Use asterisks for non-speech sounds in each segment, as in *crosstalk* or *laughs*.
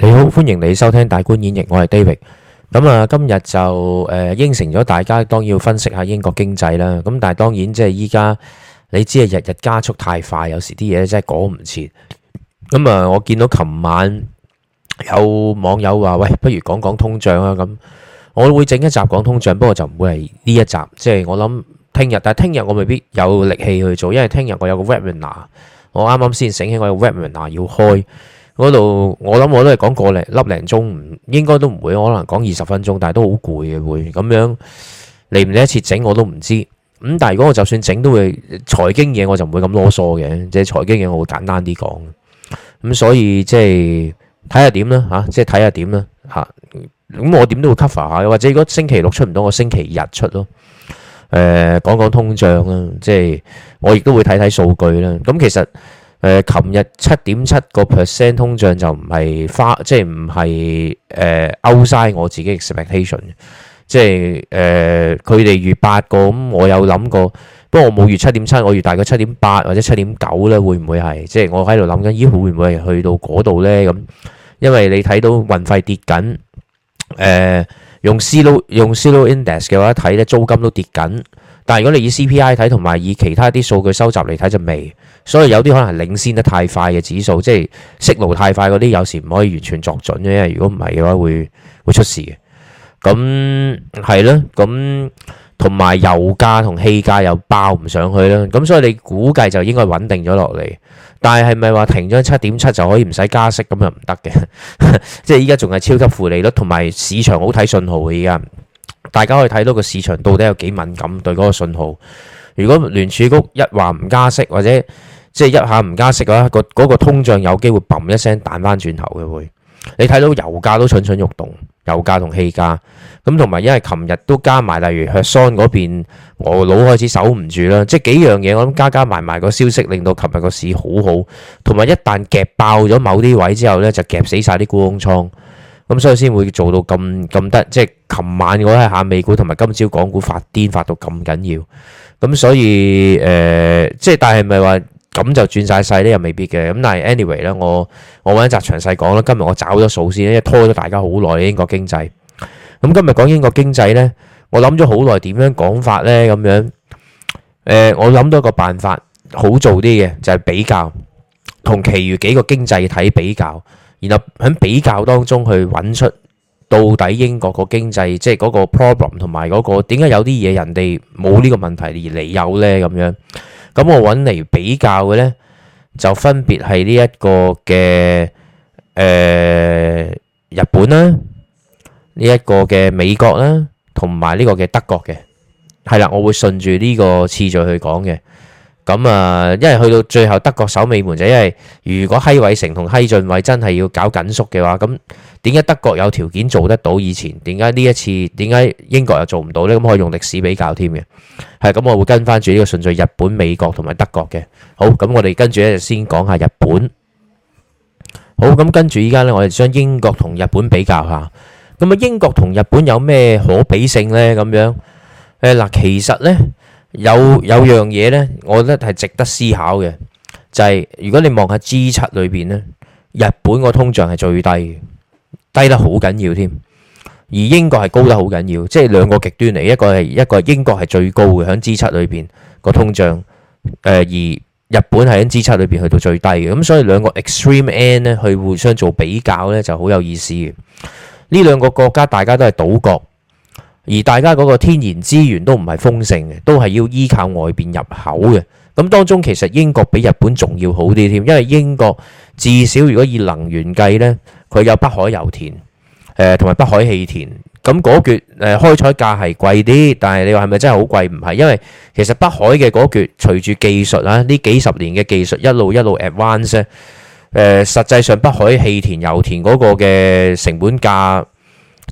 你好，歡迎你收聽大觀演繹，我係 David。咁啊，今日就誒應承咗大家，當然要分析下英國經濟啦。咁但係當然即係依家你知係日日加速太快，有時啲嘢真係趕唔切。咁啊，我見到琴晚有網友話：喂，不如講講通脹啊！咁我會整一集講通脹，不過就唔會係呢一集。即係我諗聽日，但係聽日我未必有力氣去做，因為聽日我有個 webinar。我啱啱先醒起我有 webinar 要開。度我諗我都係講個零，粒零鐘，唔應該都唔會可能講二十分鐘，但係都好攰嘅。會咁樣嚟，唔嚟一次整我都唔知，咁但係如果我就算整都會財經嘢，我就唔會咁囉嗦嘅，即係財經嘢我會簡單啲講，咁、嗯、所以即係睇下點啦吓，即係睇下點啦吓，咁、啊啊、我點都會 cover 下，或者如果星期六出唔到，我星期日出咯，誒講講通脹啦，即係我亦都會睇睇數據啦，咁、啊、其實。誒，琴日七點七個 percent 通脹就唔係花，即係唔係誒 outside 我自己 expectation，即係誒佢哋預八個，咁我有諗過，不過我冇預七點七，我預大概七點八或者七點九咧，會唔會係？即係我喺度諗緊，咦，會唔會係去到嗰度咧？咁因為你睇到運費跌緊，誒、呃、用 Zillow 用 Zillow index 嘅話睇咧，租金都跌緊，但係如果你以 CPI 睇同埋以，以其他啲數據收集嚟睇就未。所以有啲可能係領先得太快嘅指數，即係息怒太快嗰啲，有時唔可以完全作準嘅，因為如果唔係嘅話會，會會出事嘅。咁係咯，咁同埋油價同氣價又爆唔上去啦。咁所以你估計就應該穩定咗落嚟。但係係咪話停咗七點七就可以唔使加息咁又唔得嘅？ *laughs* 即係依家仲係超級負利率，同埋市場好睇信號嘅。依家大家可以睇到個市場到底有幾敏感對嗰個信號。如果聯儲局一話唔加息或者即係一下唔加息嘅話，個、那、嗰個通脹有機會砰一聲彈翻轉頭嘅會。你睇到油價都蠢蠢欲動，油價同氣價咁，同埋因為琴日都加埋，例如 Hudson 嗰邊，我腦開始守唔住啦。即係幾樣嘢，我諗加加埋埋個消息令到琴日個市好好，同埋一旦夾爆咗某啲位之後呢，就夾死晒啲沽空倉，咁所以先會做到咁咁得。即係琴晚我睇下美股，同埋今朝港股發癲發到咁緊要，咁所以誒、呃，即係但係咪係話？咁就轉晒勢咧，又未必嘅。咁但係 anyway 咧，我我揾一集詳細講啦。今日我找咗數先，因為拖咗大家好耐。英國經濟，咁今日講英國經濟咧，我諗咗好耐，點樣講法咧？咁樣，誒，我諗到一個辦法，好做啲嘅，就係比較同其餘幾個經濟體比較，然後喺比較當中去揾出到底英國個經濟即係嗰個 problem 同埋嗰個點解有啲嘢人哋冇呢個問題而你有咧？咁樣。咁我揾嚟比較嘅咧，就分別係呢一個嘅誒、呃、日本啦、啊，呢、這、一個嘅美國啦、啊，同埋呢個嘅德國嘅，係啦，我會順住呢個次序去講嘅。咁啊，因為去到最後德國守尾門，就因為如果希偉成同希俊偉真係要搞緊縮嘅話，咁點解德國有條件做得到以前？點解呢一次點解英國又做唔到呢？咁可以用歷史比較添嘅，係咁我會跟翻住呢個順序，日本、美國同埋德國嘅。好，咁我哋跟住咧就先講下日本。好，咁跟住依家呢，我哋將英國同日本比較下。咁啊，英國同日本有咩可比性呢？咁樣誒，嗱，其實呢。有有樣嘢呢，我覺得係值得思考嘅，就係、是、如果你望下 G7 裏邊咧，日本個通脹係最低，低得好緊要添，而英國係高得好緊要，即係兩個極端嚟，一個係一個英國係最高嘅，喺 G7 裏邊個通脹、呃，而日本係喺 G7 裏邊去到最低嘅，咁所以兩個 extreme end 去互相做比較呢，就好有意思嘅，呢兩個國家大家都係島國。而大家嗰個天然資源都唔係豐盛嘅，都係要依靠外邊入口嘅。咁當中其實英國比日本仲要好啲添，因為英國至少如果以能源計呢，佢有北海油田，誒同埋北海氣田。咁嗰橛誒開採價係貴啲，但係你話係咪真係好貴？唔係，因為其實北海嘅嗰橛隨住技術啦，呢幾十年嘅技術一路一路 advance，誒實際上北海氣田、油田嗰個嘅成本價，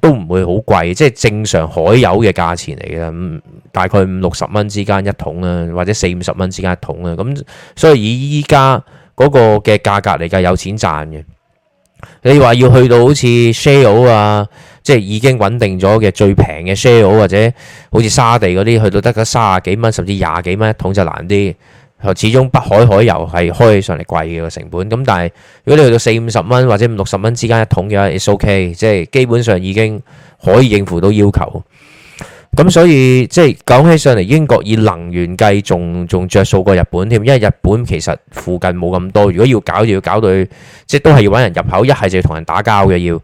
都唔會好貴，即係正常海油嘅價錢嚟嘅，大概五六十蚊之間一桶啊，或者四五十蚊之間一桶啊。咁所以以依家嗰個嘅價格嚟計，有錢賺嘅。你話要去到好似 Shell 啊，即係已經穩定咗嘅最平嘅 Shell，或者好似沙地嗰啲，去到得個三十幾蚊，甚至廿幾蚊一桶就難啲。始終北海海油係開起上嚟貴嘅個成本咁，但係如果你去到四五十蚊或者五六十蚊之間一桶嘅話，It's OK，即係基本上已經可以應付到要求。咁所以即係講起上嚟，英國以能源計，仲仲著數過日本添，因為日本其實附近冇咁多，如果要搞就要搞到即都係要揾人入口，一係就要同人打交嘅要。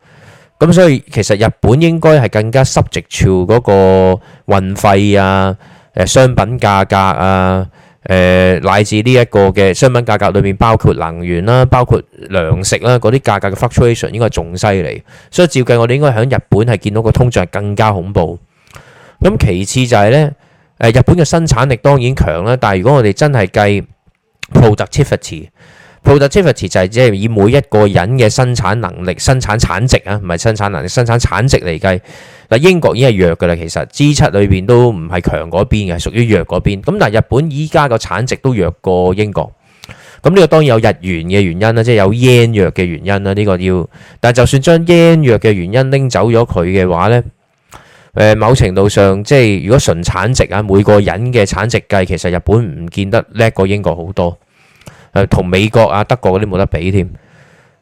咁所以其實日本應該係更加 subject to 嗰個運費啊，誒商品價格啊。誒乃至呢一個嘅商品價格裏面，包括能源啦，包括糧食啦，嗰啲價格嘅 fluctuation 應該仲犀利，所以照計我哋應該喺日本係見到個通脹更加恐怖。咁其次就係、是、呢，日本嘅生產力當然強啦，但係如果我哋真係計 productivity。Productivity 就係即係以每一個人嘅生產能力、生產產值啊，唔係生產能力、生產產值嚟計。嗱，英國已經係弱嘅啦，其實 G7 裏邊都唔係強嗰邊嘅，係屬於弱嗰邊。咁但係日本依家個產值都弱過英國。咁呢個當然有日元嘅原因啦，即係有 yen 弱嘅原因啦。呢個要，但係就算將 yen 弱嘅原因拎走咗佢嘅話呢、呃，某程度上即係如果純產值啊，每個人嘅產值計，其實日本唔見得叻過英國好多。誒同美國啊、德國嗰啲冇得比添，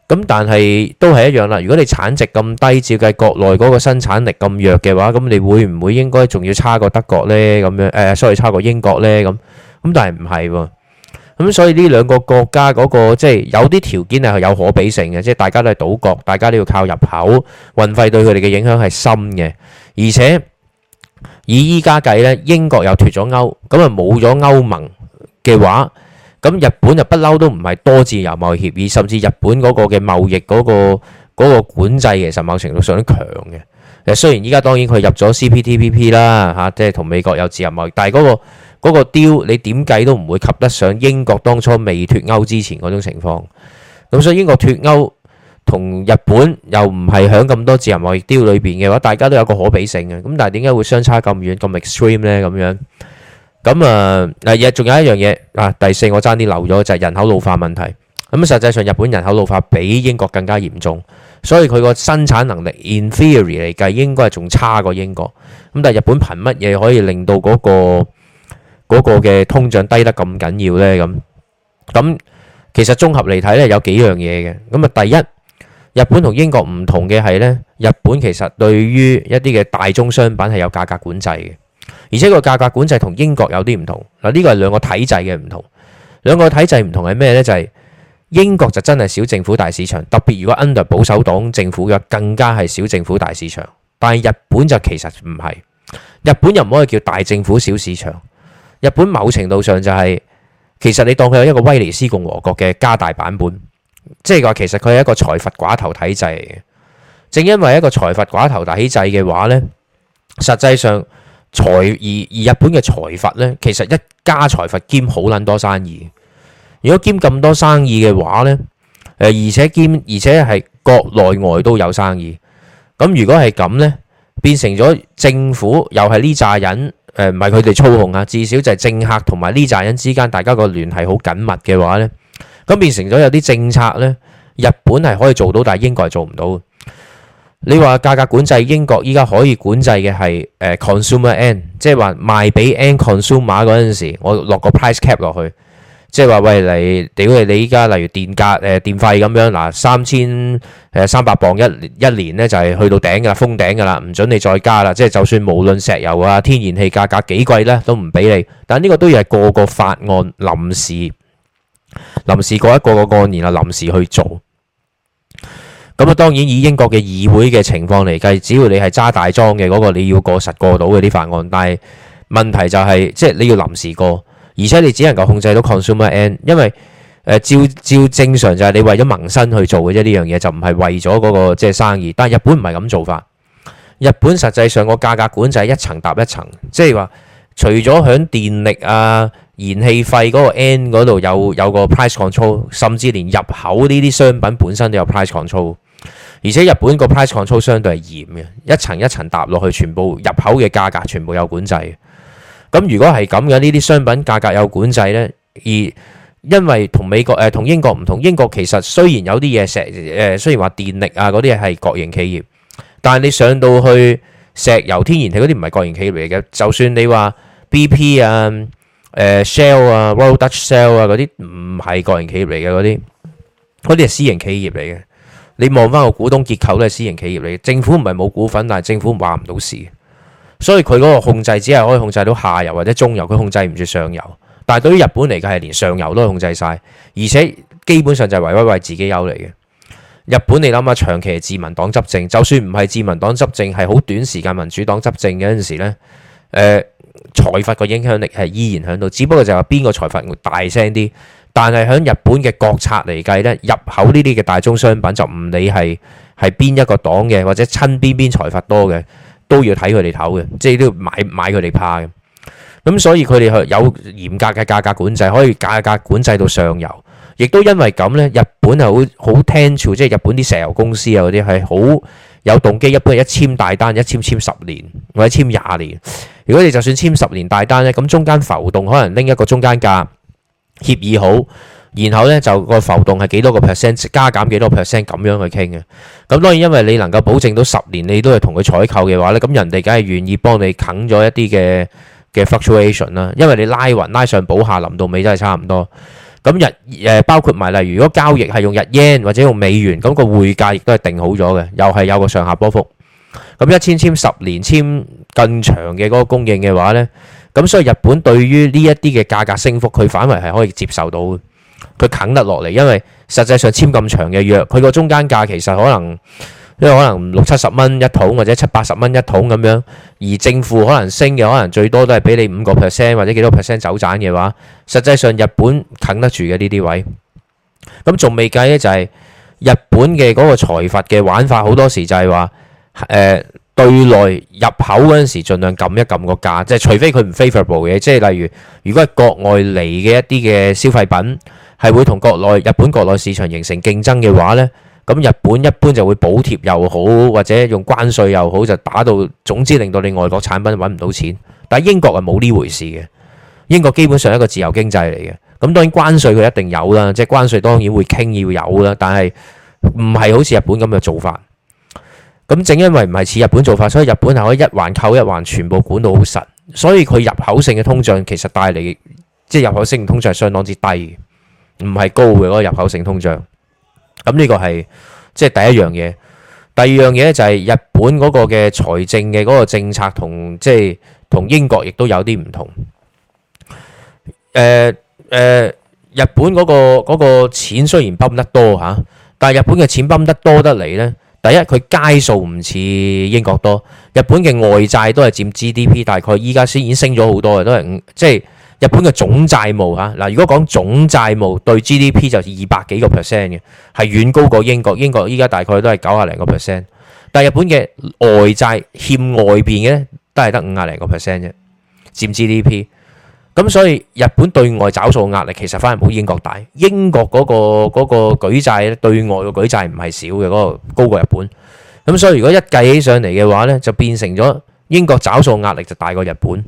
咁但係都係一樣啦。如果你產值咁低，照計國內嗰個生產力咁弱嘅話，咁你會唔會應該仲要差過德國咧？咁樣誒，sorry，差過英國咧？咁咁但係唔係喎？咁所以呢兩個國家嗰個即係有啲條件係有可比性嘅，即係大家都係島國，大家都要靠入口運費對佢哋嘅影響係深嘅，而且以依家計咧，英國又脱咗歐，咁啊冇咗歐盟嘅話。咁日本就不嬲都唔係多自由貿易協議，甚至日本嗰個嘅貿易嗰、嗰個嗰個管制其實某程度上都強嘅。誒，雖然依家當然佢入咗 CPTPP 啦、啊，嚇，即係同美國有自由貿易，但係嗰、嗰個嗰 deal、嗰個、你點計都唔會及得上英國當初未脱歐之前嗰種情況。咁所以英國脱歐同日本又唔係響咁多自由貿易 deal 裏邊嘅話，大家都有個可比性嘅。咁但係點解會相差咁遠咁 extreme 呢？咁樣？咁啊，嗱、嗯，亦仲有一樣嘢啊。第四我，我爭啲漏咗就係、是、人口老化問題。咁、嗯、啊，實際上日本人口老化比英國更加嚴重，所以佢個生產能力 in theory 嚟計應該係仲差過英國。咁、嗯、但係日本憑乜嘢可以令到嗰、那個嗰、那個嘅通脹低得咁緊要呢？咁、嗯、咁其實綜合嚟睇咧，有幾樣嘢嘅。咁、嗯、啊，第一，日本同英國唔同嘅係咧，日本其實對於一啲嘅大宗商品係有價格管制嘅。而且個價格管制同英國有啲唔同嗱，呢個係兩個體制嘅唔同。兩個體制唔同係咩呢？就係、是、英國就真係小政府大市場，特別如果 under 保守黨政府嘅更加係小政府大市場。但係日本就其實唔係，日本又唔可以叫大政府小市場。日本某程度上就係、是、其實你當佢有一個威尼斯共和國嘅加大版本，即係話其實佢係一個財閥寡頭體制。正因為一個財閥寡頭體制嘅話呢，實際上財而而日本嘅財閥呢，其實一家財閥兼好撚多生意。如果兼咁多生意嘅話呢，誒，而且兼而且係國內外都有生意。咁如果係咁呢，變成咗政府又係呢扎人誒，唔係佢哋操控啊，至少就係政客同埋呢扎人之間，大家個聯繫好緊密嘅話呢，咁變成咗有啲政策呢，日本係可以做到，但係英國係做唔到。你話價格管制，英國依家可以管制嘅係誒，consumer end 即係話賣俾 end consumer 嗰陣時，我落個 price cap 落去，即係話喂你屌你，你依家例如電價誒、呃、電費咁樣嗱三千誒三百磅一一年咧就係去到頂噶啦，封頂噶啦，唔准你再加啦。即係就算無論石油啊天然氣價格幾貴咧，都唔俾你。但呢個都要係個個法案臨時臨時過一個個案然後臨時去做。咁啊，當然以英國嘅議會嘅情況嚟計，只要你係揸大莊嘅嗰個，你要過實過到嘅啲法案。但係問題就係、是，即係你要臨時過，而且你只能夠控制到 consumer end，因為誒、呃、照照正常就係你為咗民生去做嘅啫。呢樣嘢就唔係為咗嗰、那個即係生意。但係日本唔係咁做法。日本實際上個價格管就係一層搭一層，即係話除咗響電力啊、燃氣費嗰個 end 嗰度有有個 price control，甚至連入口呢啲商品本身都有 price control。而且日本個 price control 相對係嚴嘅，一層一層搭落去，全部入口嘅價格全部有管制。咁如果係咁樣，呢啲商品價格有管制呢？而因為同美國誒同、呃、英國唔同，英國其實雖然有啲嘢石誒、呃，雖然話電力啊嗰啲係國營企業，但係你上到去石油、天然氣嗰啲唔係國營企業嚟嘅，就算你話 BP 啊、誒、呃、Shell 啊、Royal Dutch Shell 啊嗰啲唔係國營企業嚟嘅嗰啲，嗰啲係私營企業嚟嘅。你望翻個股東結構都係私營企業嚟嘅，政府唔係冇股份，但係政府話唔到事，所以佢嗰個控制只係可以控制到下游或者中游，佢控制唔住上游。但係對於日本嚟講係連上游都控制晒，而且基本上就係唯唯為自己有利嘅。日本你諗下，長期係自民黨執政，就算唔係自民黨執政，係好短時間民主黨執政嗰陣時咧，誒、呃、財閥個影響力係依然響度，只不過就係話邊個財閥會大聲啲。但係喺日本嘅國策嚟計呢，入口呢啲嘅大宗商品就唔理係係邊一個黨嘅，或者親邊邊財閥多嘅，都要睇佢哋投嘅，即係都要買買佢哋怕嘅。咁所以佢哋係有嚴格嘅價格管制，可以價格管制到上游。亦都因為咁呢，日本係好好 tension，即係日本啲石油公司啊嗰啲係好有動機，一般係一簽大單一簽簽十年或者簽廿年。如果你就算簽十年大單呢，咁中間浮動可能拎一個中間價。協議好，然後咧就個浮動係幾多個 percent，加減幾多 percent 咁樣去傾嘅。咁當然因為你能夠保證到十年，你都係同佢採購嘅話咧，咁人哋梗係願意幫你啃咗一啲嘅嘅 fluctuation 啦。因為你拉勻拉上補下，臨到尾都係差唔多。咁日誒包括埋例如如果交易係用日元或者用美元，咁個匯價亦都係定好咗嘅，又係有個上下波幅。咁一千簽十年，簽更長嘅嗰個供應嘅話咧。咁所以日本對於呢一啲嘅價格升幅，佢反為係可以接受到，佢啃得落嚟，因為實際上簽咁長嘅約，佢個中間價其實可能，因為可能六七十蚊一桶或者七八十蚊一桶咁樣，而政府可能升嘅可能最多都係俾你五個 percent 或者幾多 percent 走盞嘅話，實際上日本啃得住嘅呢啲位。咁仲未計咧，就係、是、日本嘅嗰個財閥嘅玩法，好多時就係話，誒、呃。對內入口嗰陣時，盡量撳一撳個價，即係除非佢唔 favorable 嘅，即係例如如果係國外嚟嘅一啲嘅消費品，係會同國內日本國內市場形成競爭嘅話咧，咁日本一般就會補貼又好，或者用關稅又好，就打到總之令到你外國產品揾唔到錢。但係英國係冇呢回事嘅，英國基本上一個自由經濟嚟嘅，咁當然關稅佢一定有啦，即係關稅當然會傾要有啦，但係唔係好似日本咁嘅做法。咁正因為唔係似日本做法，所以日本係可以一環扣一環，全部管到好實，所以佢入口性嘅通脹其實帶嚟，即係入口性通脹相當之低，唔係高嘅嗰個入口性通脹。咁呢個係即係第一樣嘢。第二樣嘢咧就係日本嗰個嘅財政嘅嗰個政策同即係同英國亦都有啲唔同。誒、呃、誒、呃，日本嗰個嗰個錢雖然泵得多吓，但係日本嘅錢泵得多得嚟呢。第一，佢街數唔似英國多，日本嘅外債都係佔 GDP，大概依家先已經升咗好多嘅，都係五即係日本嘅總債務嚇嗱、啊。如果講總債務對 GDP 就二百幾個 percent 嘅，係遠高過英國。英國依家大概都係九廿零個 percent，但係日本嘅外債欠外邊嘅都係得五廿零個 percent 嘅佔 GDP。咁所以日本對外找數壓力其實反而冇英國大，英國嗰個嗰個舉債對外嘅舉債唔係少嘅，嗰個高過日本。咁所以如果一計起上嚟嘅話呢，就變成咗英國找數壓力就大過日本。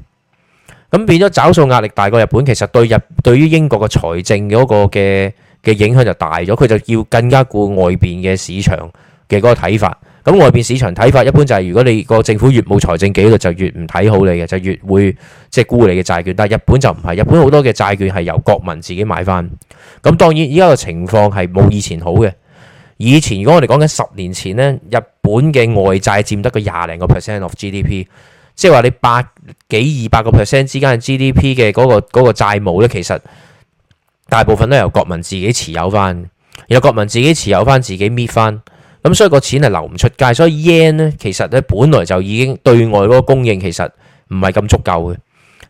咁變咗找數壓力大過日本，其實對日對於英國嘅財政嗰個嘅嘅影響就大咗，佢就要更加顧外面嘅市場嘅嗰個睇法。咁外邊市場睇法一般就係，如果你個政府越冇財政紀律，就越唔睇好你嘅，就越會即係沽你嘅債券。但係日本就唔係，日本好多嘅債券係由國民自己買翻。咁當然依家個情況係冇以前好嘅。以前如果我哋講緊十年前呢，日本嘅外債佔得個廿零個 percent of GDP，即係話你百幾二百個 percent 之間嘅 GDP 嘅嗰個嗰個債務咧，其實大部分都由國民自己持有翻，由國民自己持有翻自己搣翻。咁所以個錢係流唔出街，所以 yen 咧其實咧本來就已經對外嗰個供應其實唔係咁足夠嘅，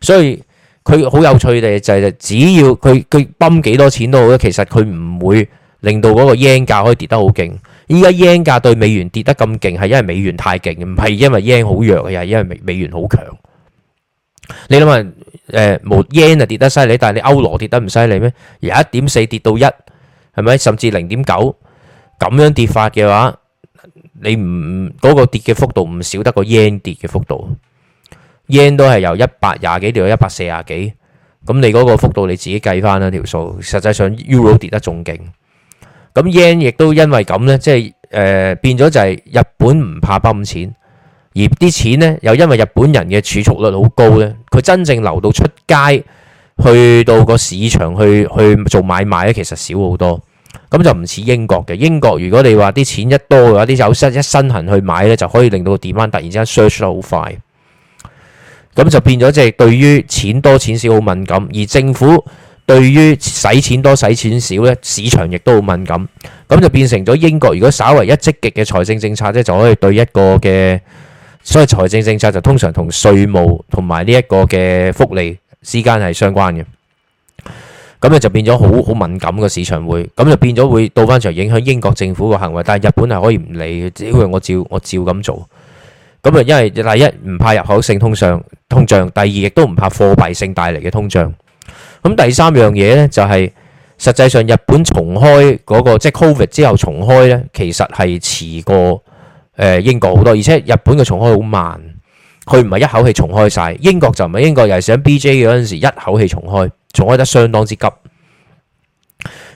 所以佢好有趣嘅就係只要佢佢泵幾多錢都好咧，其實佢唔會令到嗰個 yen 價可以跌得好勁。依家 yen 價對美元跌得咁勁係因為美元太勁，唔係因為 yen 好弱嘅，而係因為美美元好強。你諗下，誒冇 yen 啊跌得犀利，但係你歐羅跌得唔犀利咩？由一點四跌到一，係咪甚至零點九？咁樣跌法嘅話，你唔嗰、嗰個跌嘅幅度唔少得個 yen 跌嘅幅度，yen 都係由一百廿幾跌到一百四廿幾，咁你嗰個幅度你自己計翻啦條數。實際上 euro 跌得仲勁，咁 yen 亦都因為咁呢，即係誒、呃、變咗就係日本唔怕抌錢，而啲錢呢，又因為日本人嘅儲蓄率好高呢，佢真正留到出街去到個市場去去做買賣咧，其實少好多。咁就唔似英國嘅。英國如果你話啲錢一多嘅話，啲有新一身痕去買呢，就可以令到個 demand 突然之間 surge 得好快。咁就變咗即係對於錢多錢少好敏感，而政府對於使錢多使錢少呢，市場亦都好敏感。咁就變成咗英國，如果稍為一積極嘅財政政策咧，就可以對一個嘅，所以財政政策就通常同稅務同埋呢一個嘅福利之間係相關嘅。咁咧就變咗好好敏感嘅市場會，咁就變咗會到翻嚟影響英國政府嘅行為。但係日本係可以唔理嘅，只會我照我照咁做。咁啊，因為第一唔怕入口性通上通脹，第二亦都唔怕貨幣性帶嚟嘅通脹。咁第三樣嘢呢，就係實際上日本重開嗰個即係、就是、Covid 之後重開呢，其實係遲過英國好多，而且日本嘅重開好慢。佢唔係一口氣重開晒，英國就唔係英國，又是喺 BJ 嗰陣時一口氣重開，重開得相當之急。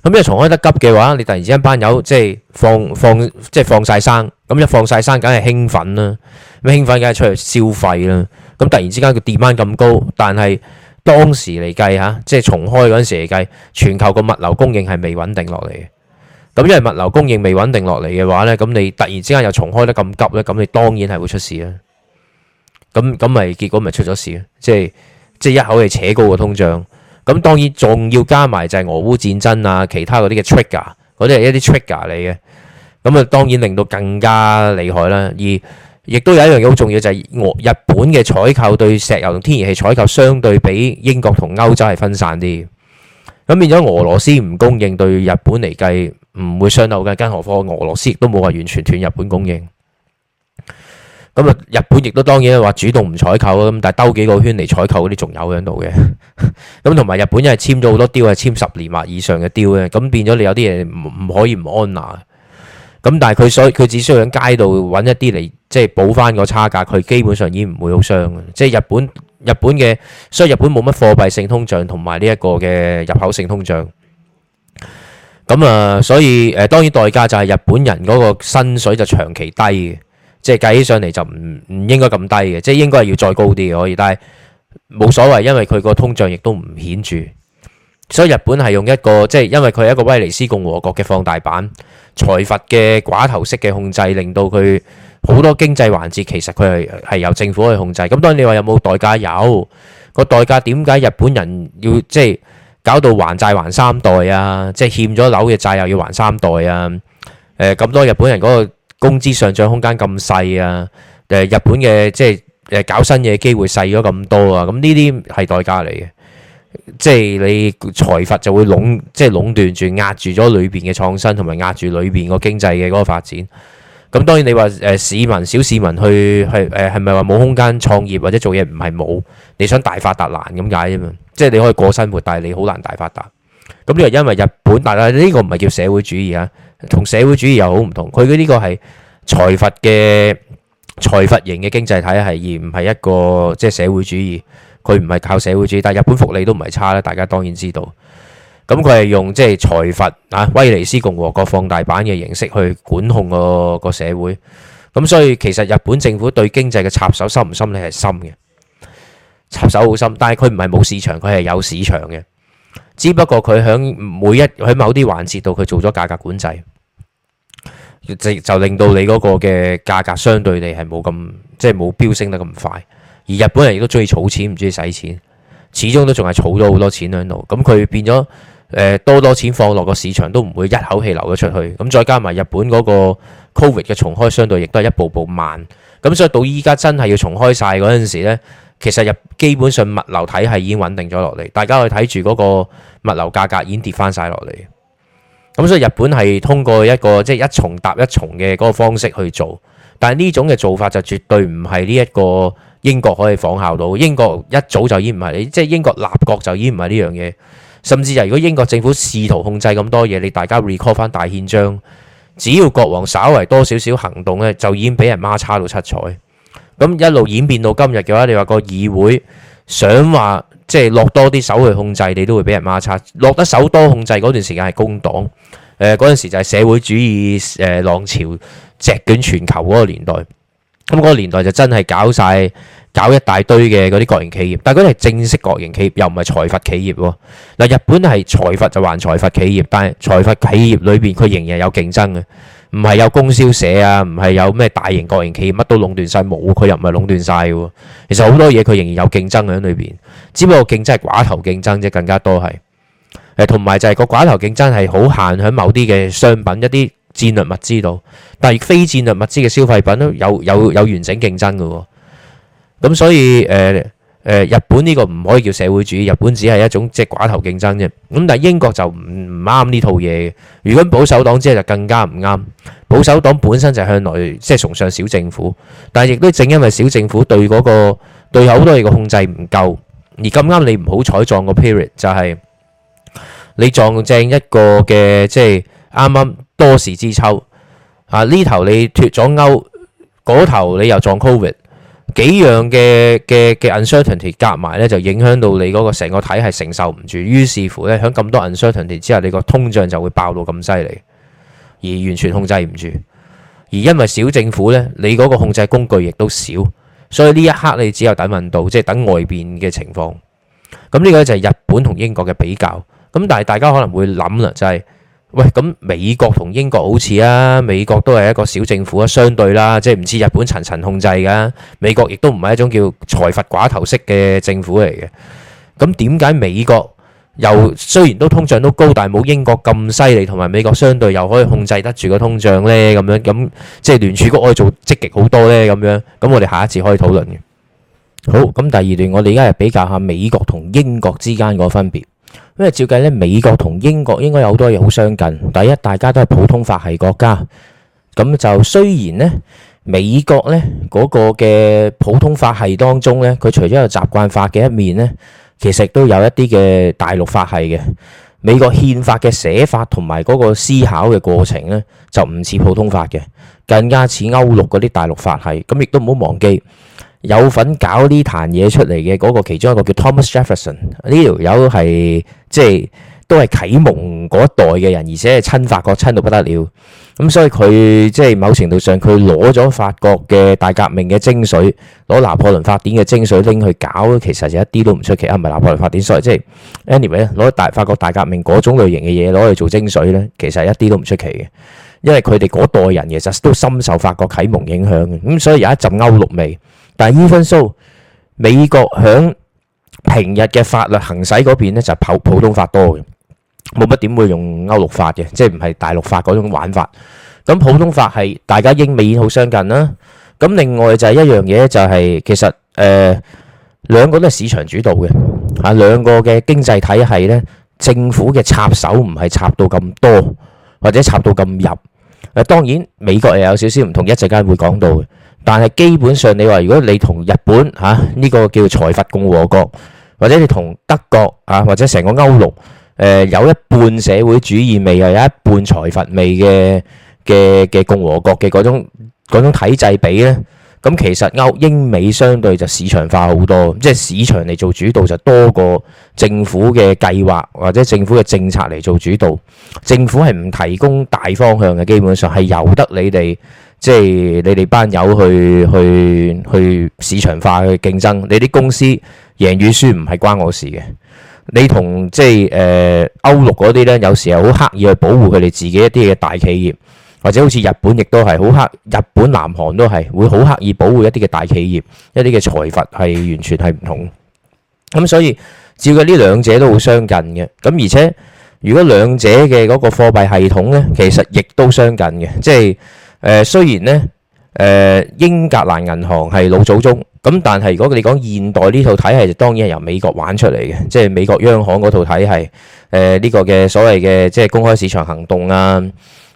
咁因為重開得急嘅話，你突然之間班友即係放放即係放晒生，咁一放晒生，梗係興奮啦，咁興奮梗係出去消費啦。咁突然之間個 demand 咁高，但係當時嚟計吓，即係重開嗰陣時嚟計，全球個物流供應係未穩定落嚟嘅。咁因為物流供應未穩定落嚟嘅話咧，咁你突然之間又重開得咁急咧，咁你當然係會出事啦。咁咁咪結果咪出咗事，即係即係一口氣扯高個通脹，咁當然仲要加埋就係俄烏戰爭啊，其他嗰啲嘅 trigger，嗰啲係一啲 trigger 嚟嘅，咁啊當然令到更加厲害啦。而亦都有一樣嘢，好重要，就係俄日本嘅採購對石油同天然氣採購相對比英國同歐洲係分散啲。咁變咗俄羅斯唔供應對日本嚟計唔會傷到嘅，更何況俄羅斯亦都冇話完全斷日本供應。咁啊，日本亦都當然話主動唔採購啦，咁但係兜幾個圈嚟採購嗰啲仲有喺度嘅。咁同埋日本因為簽咗好多 deal，係簽十年或以上嘅 deal 咧，咁變咗你有啲嘢唔唔可以唔安拿。咁但係佢，所以佢只需要喺街度揾一啲嚟即係補翻個差價，佢基本上已經唔會好傷即係，就是、日本日本嘅，所以日本冇乜貨幣性通脹同埋呢一個嘅入口性通脹。咁、嗯、啊，所以誒、呃、當然代價就係日本人嗰個薪水就長期低嘅。即係計起上嚟就唔唔應該咁低嘅，即係應該係要再高啲嘅可以，但係冇所謂，因為佢個通脹亦都唔顯著。所以日本係用一個即係因為佢係一個威尼斯共和國嘅放大版財閥嘅寡頭式嘅控制，令到佢好多經濟環節其實佢係係由政府去控制。咁當然你話有冇代價？有個代價。點解日本人要即係搞到還債還三代啊？即係欠咗樓嘅債又要還三代啊？誒咁多日本人嗰個。工資上漲空間咁細啊！誒，日本嘅即係誒搞新嘢機會細咗咁多啊！咁呢啲係代價嚟嘅，即係你財閥就會壟即係壟斷住壓住咗裏邊嘅創新，同埋壓住裏邊個經濟嘅嗰個發展。咁當然你話誒市民小市民去係誒係咪話冇空間創業或者做嘢唔係冇？你想大發達難咁解啫嘛！即係你可以過生活，但係你好難大發達。咁呢個因為日本，但係呢個唔係叫社會主義啊。同社會主義又好唔同，佢呢個係財閥嘅財閥型嘅經濟體系，而唔係一個即係社會主義。佢唔係靠社會主義，但係日本福利都唔係差啦，大家當然知道。咁佢係用即係財閥啊，威尼斯共和國放大版嘅形式去管控個個社會。咁、嗯、所以其實日本政府對經濟嘅插手是是深唔深咧？係深嘅，插手好深。但係佢唔係冇市場，佢係有市場嘅。只不過佢喺每一喺某啲環節度，佢做咗價格管制，就令到你嗰個嘅價格相對地係冇咁，即係冇飆升得咁快。而日本人亦都中意儲錢，唔中意使錢，始終都仲係儲咗好多錢喺度。咁佢變咗誒多多錢放落個市場，都唔會一口氣流咗出去。咁再加埋日本嗰個 Covid 嘅重開，相對亦都係一步步慢。咁所以到依家真係要重開晒嗰陣時呢。其實日本基本上物流體系已經穩定咗落嚟，大家去睇住嗰個物流價格已經跌翻晒落嚟。咁所以日本係通過一個即係一重搭一重嘅嗰個方式去做，但係呢種嘅做法就絕對唔係呢一個英國可以仿效到。英國一早就已經唔係，即係英國立國就已經唔係呢樣嘢。甚至就如果英國政府試圖控制咁多嘢，你大家 recall 翻大憲章，只要國王稍為多少少行動呢，就已經俾人媽叉到七彩。咁一路演變到今日嘅話，你話個議會想話即係落多啲手去控制，你都會俾人抹擦。落得手多控制嗰段時間係工黨，誒，嗰陣時就係社會主義誒、呃、浪潮席捲全球嗰個年代。咁、那、嗰個年代就真係搞晒搞一大堆嘅嗰啲國營企業，但係嗰啲係正式國營企業，又唔係財閥企業喎。嗱、呃，日本係財閥就還財閥企業，但係財閥企業裏邊佢仍然有競爭嘅。唔係有供銷社啊，唔係有咩大型國營企業乜都壟斷晒，冇佢又唔係壟斷晒喎。其實好多嘢佢仍然有競爭喺裏邊，只不過競爭係寡頭競爭啫，更加多係。誒，同埋就係個寡頭競爭係好限喺某啲嘅商品一啲戰略物資度，但係非戰略物資嘅消費品都有有有完整競爭㗎喎。咁所以誒。誒日本呢個唔可以叫社會主義，日本只係一種即係寡頭競爭啫。咁但係英國就唔唔啱呢套嘢嘅。如果保守黨即係就更加唔啱，保守黨本身就係向來即係崇尚小政府，但係亦都正因為小政府對嗰個對好多嘢嘅控制唔夠，而咁啱你唔好彩撞個 period 就係你撞正一個嘅即係啱啱多事之秋啊！呢頭你脫咗歐，嗰頭你又撞 COVID。幾樣嘅嘅嘅 uncertainty 夾埋咧，就影響到你嗰個成個體系承受唔住，於是乎咧，喺咁多 uncertainty 之下，你個通脹就會爆到咁犀利，而完全控制唔住。而因為小政府咧，你嗰個控制工具亦都少，所以呢一刻你只有等運到，即係等外邊嘅情況。咁呢個就係日本同英國嘅比較。咁但係大家可能會諗啦，就係。喂，咁美國同英國好似啊，美國都係一個小政府啊，相對啦，即係唔似日本層層控制嘅。美國亦都唔係一種叫財閥寡頭式嘅政府嚟嘅。咁點解美國又雖然都通脹都高，但係冇英國咁犀利，同埋美國相對又可以控制得住個通脹呢？咁樣咁即係聯儲局可以做積極好多呢？咁樣咁我哋下一次可以討論嘅。好，咁第二段我哋而家係比較下美國同英國之間個分別。因為照計咧，美國同英國應該有好多嘢好相近。第一，大家都係普通法係國家，咁就雖然呢美國呢嗰個嘅普通法係當中呢，佢除咗有習慣法嘅一面呢，其實都有一啲嘅大陸法係嘅。美國憲法嘅寫法同埋嗰個思考嘅過程呢，就唔似普通法嘅，更加似歐陸嗰啲大陸法係。咁亦都唔好忘記。有份搞呢壇嘢出嚟嘅嗰個，其中一個叫 Thomas Jefferson，呢條友係即係都係啟蒙嗰一代嘅人，而且係親法國親到不得了咁，所以佢即係某程度上佢攞咗法國嘅大革命嘅精髓，攞拿破崙法典嘅精髓拎去搞，其實就一啲都唔出奇。唔係拿破崙法典，所以即係 anyway 攞大法國大革命嗰種類型嘅嘢攞嚟做精髓呢，其實一啲都唔出奇嘅，因為佢哋嗰代人其實都深受法國啟蒙影響嘅，咁所以有一陣歐陸味。但係 Even so，美國響平日嘅法律行使嗰邊咧就係普普通法多嘅，冇乜點會用歐陸法嘅，即係唔係大陸法嗰種玩法。咁普通法係大家英美好相近啦。咁另外就係一樣嘢、就是，就係其實誒、呃、兩個都係市場主導嘅，嚇、啊、兩個嘅經濟體系咧，政府嘅插手唔係插到咁多，或者插到咁入。誒、啊、當然美國又有少少唔同，一陣間會講到嘅。但係基本上，你話如果你同日本嚇呢、啊這個叫財閥共和國，或者你同德國啊，或者成個歐陸，誒、呃、有一半社會主義味又有一半財閥味嘅嘅嘅共和國嘅嗰種嗰種體制比呢。咁、嗯、其實歐英美相對就市場化好多，即係市場嚟做主導就多過政府嘅計劃或者政府嘅政策嚟做主導，政府係唔提供大方向嘅，基本上係由得你哋。即係你哋班友去去去市場化去競爭，你啲公司贏與輸唔係關我的事嘅。你同即係誒歐陸嗰啲呢，呃、有時候好刻意去保護佢哋自己一啲嘅大企業，或者好似日本亦都係好刻意，日本、南韓都係會好刻意保護一啲嘅大企業、一啲嘅財閥，係完全係唔同。咁所以，照佢呢兩者都好相近嘅。咁而且如果兩者嘅嗰個貨幣系統呢，其實亦都相近嘅，即係。誒、呃，雖然咧，誒、呃，英格蘭銀行係老祖宗，咁但係如果佢哋講現代呢套體系，就當然係由美國玩出嚟嘅，即係美國央行嗰套體系，誒、呃、呢、這個嘅所謂嘅即係公開市場行動、呃 e、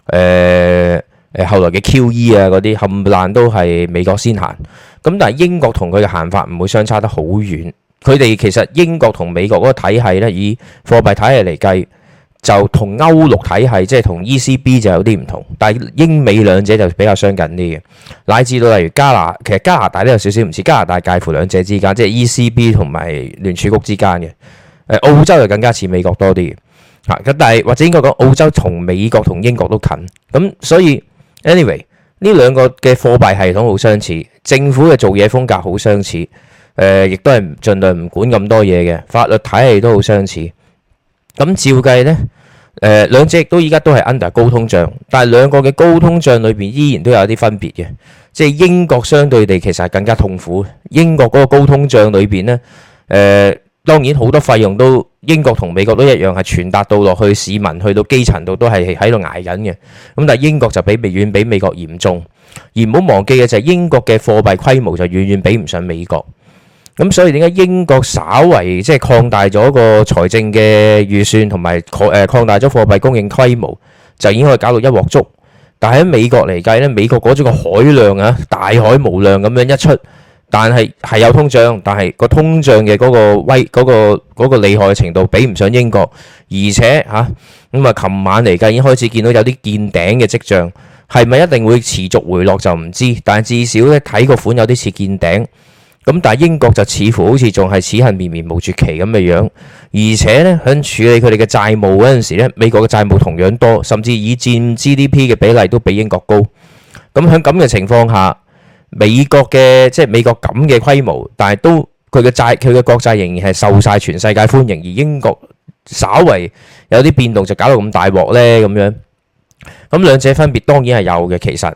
啊，誒誒後來嘅 QE 啊嗰啲冚唥都係美國先行，咁但係英國同佢嘅行法唔會相差得好遠，佢哋其實英國同美國嗰個體系咧以貨幣體系嚟計。就同歐陸體系，即係同 ECB 就有啲唔同，但係英美兩者就比較相近啲嘅。乃至到例如加拿大，其實加拿大都有少少唔似加拿大介乎兩者之間，即係 ECB 同埋聯儲局之間嘅。澳洲就更加似美國多啲。嚇咁，但係或者應該講澳洲同美國同英國都近。咁所以 anyway 呢兩個嘅貨幣系統好相似，政府嘅做嘢風格好相似。誒、呃，亦都係盡量唔管咁多嘢嘅法律體系都好相似。咁照計咧，誒兩者亦都依家都係 under 高通脹，但係兩個嘅高通脹裏邊依然都有啲分別嘅，即係英國相對地其實係更加痛苦。英國嗰個高通脹裏邊呢，誒、呃、當然好多費用都英國同美國都一樣係傳達到落去市民去到基層度都係喺度挨緊嘅，咁但係英國就比遠比美國嚴重。而唔好忘記嘅就係英國嘅貨幣規模就遠遠比唔上美國。咁所以點解英國稍為即係擴大咗個財政嘅預算同埋擴誒擴大咗貨幣供應規模，就已經可以搞到一鑊粥。但係喺美國嚟計咧，美國種個海量啊，大海無量咁樣一出，但係係有通脹，但係個通脹嘅嗰個威嗰個嗰個厲害程度比唔上英國。而且吓，咁啊，琴晚嚟計已經開始見到有啲見頂嘅跡象，係咪一定會持續回落就唔知。但係至少咧睇個款有啲似見頂。咁但係英國就似乎好似仲係此恨綿綿無絕期咁嘅樣，而且咧喺處理佢哋嘅債務嗰陣時咧，美國嘅債務同樣多，甚至以佔 GDP 嘅比例都比英國高。咁喺咁嘅情況下，美國嘅即係美國咁嘅規模，但係都佢嘅債佢嘅國債仍然係受晒全世界歡迎，而英國稍為有啲變動就搞到咁大鑊咧咁樣。咁兩者分別當然係有嘅，其實。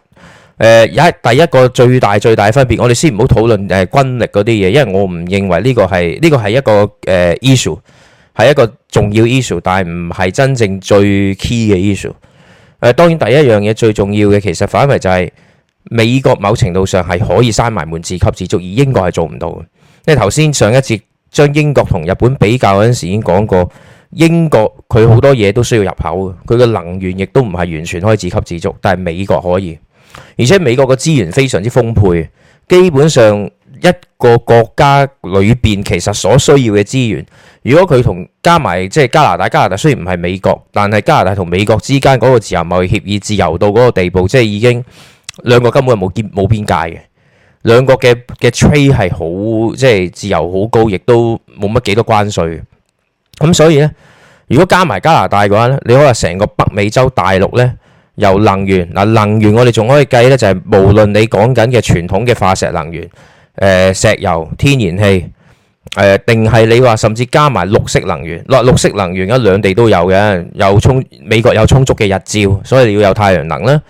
誒，一、呃、第一個最大最大分別，我哋先唔好討論誒軍力嗰啲嘢，因為我唔認為呢個係呢個係一個誒 issue，係一個重要 issue，但係唔係真正最 key 嘅 issue。誒、呃，當然第一樣嘢最重要嘅，其實反為就係美國某程度上係可以閂埋門自給自足，而英國係做唔到嘅。因為頭先上一節將英國同日本比較嗰陣時，已經講過英國佢好多嘢都需要入口，佢嘅能源亦都唔係完全可以自給自足，但係美國可以。而且美國嘅資源非常之豐沛，基本上一個國家裏邊其實所需要嘅資源，如果佢同加埋即係加拿大，加拿大雖然唔係美國，但係加拿大同美國之間嗰個自由貿易協議自由到嗰個地步，即係已經兩個根本係冇冇邊界嘅，兩個嘅嘅 trade 係好即係自由好高，亦都冇乜幾多關稅。咁所以呢，如果加埋加拿大嘅話呢，你可能成個北美洲大陸呢。由能源嗱，能源我哋仲可以計咧，就係無論你講緊嘅傳統嘅化石能源，誒石油、天然氣，誒定係你話甚至加埋綠色能源，嗱綠色能源，一兩地都有嘅，有充美國有充足嘅日照，所以要有太陽能啦。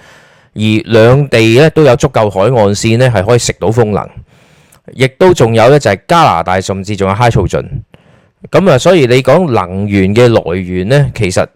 而兩地咧都有足夠海岸線咧，係可以食到風能，亦都仲有咧就係加拿大，甚至仲有 hydrogen。咁啊，所以你講能源嘅來源咧，其實～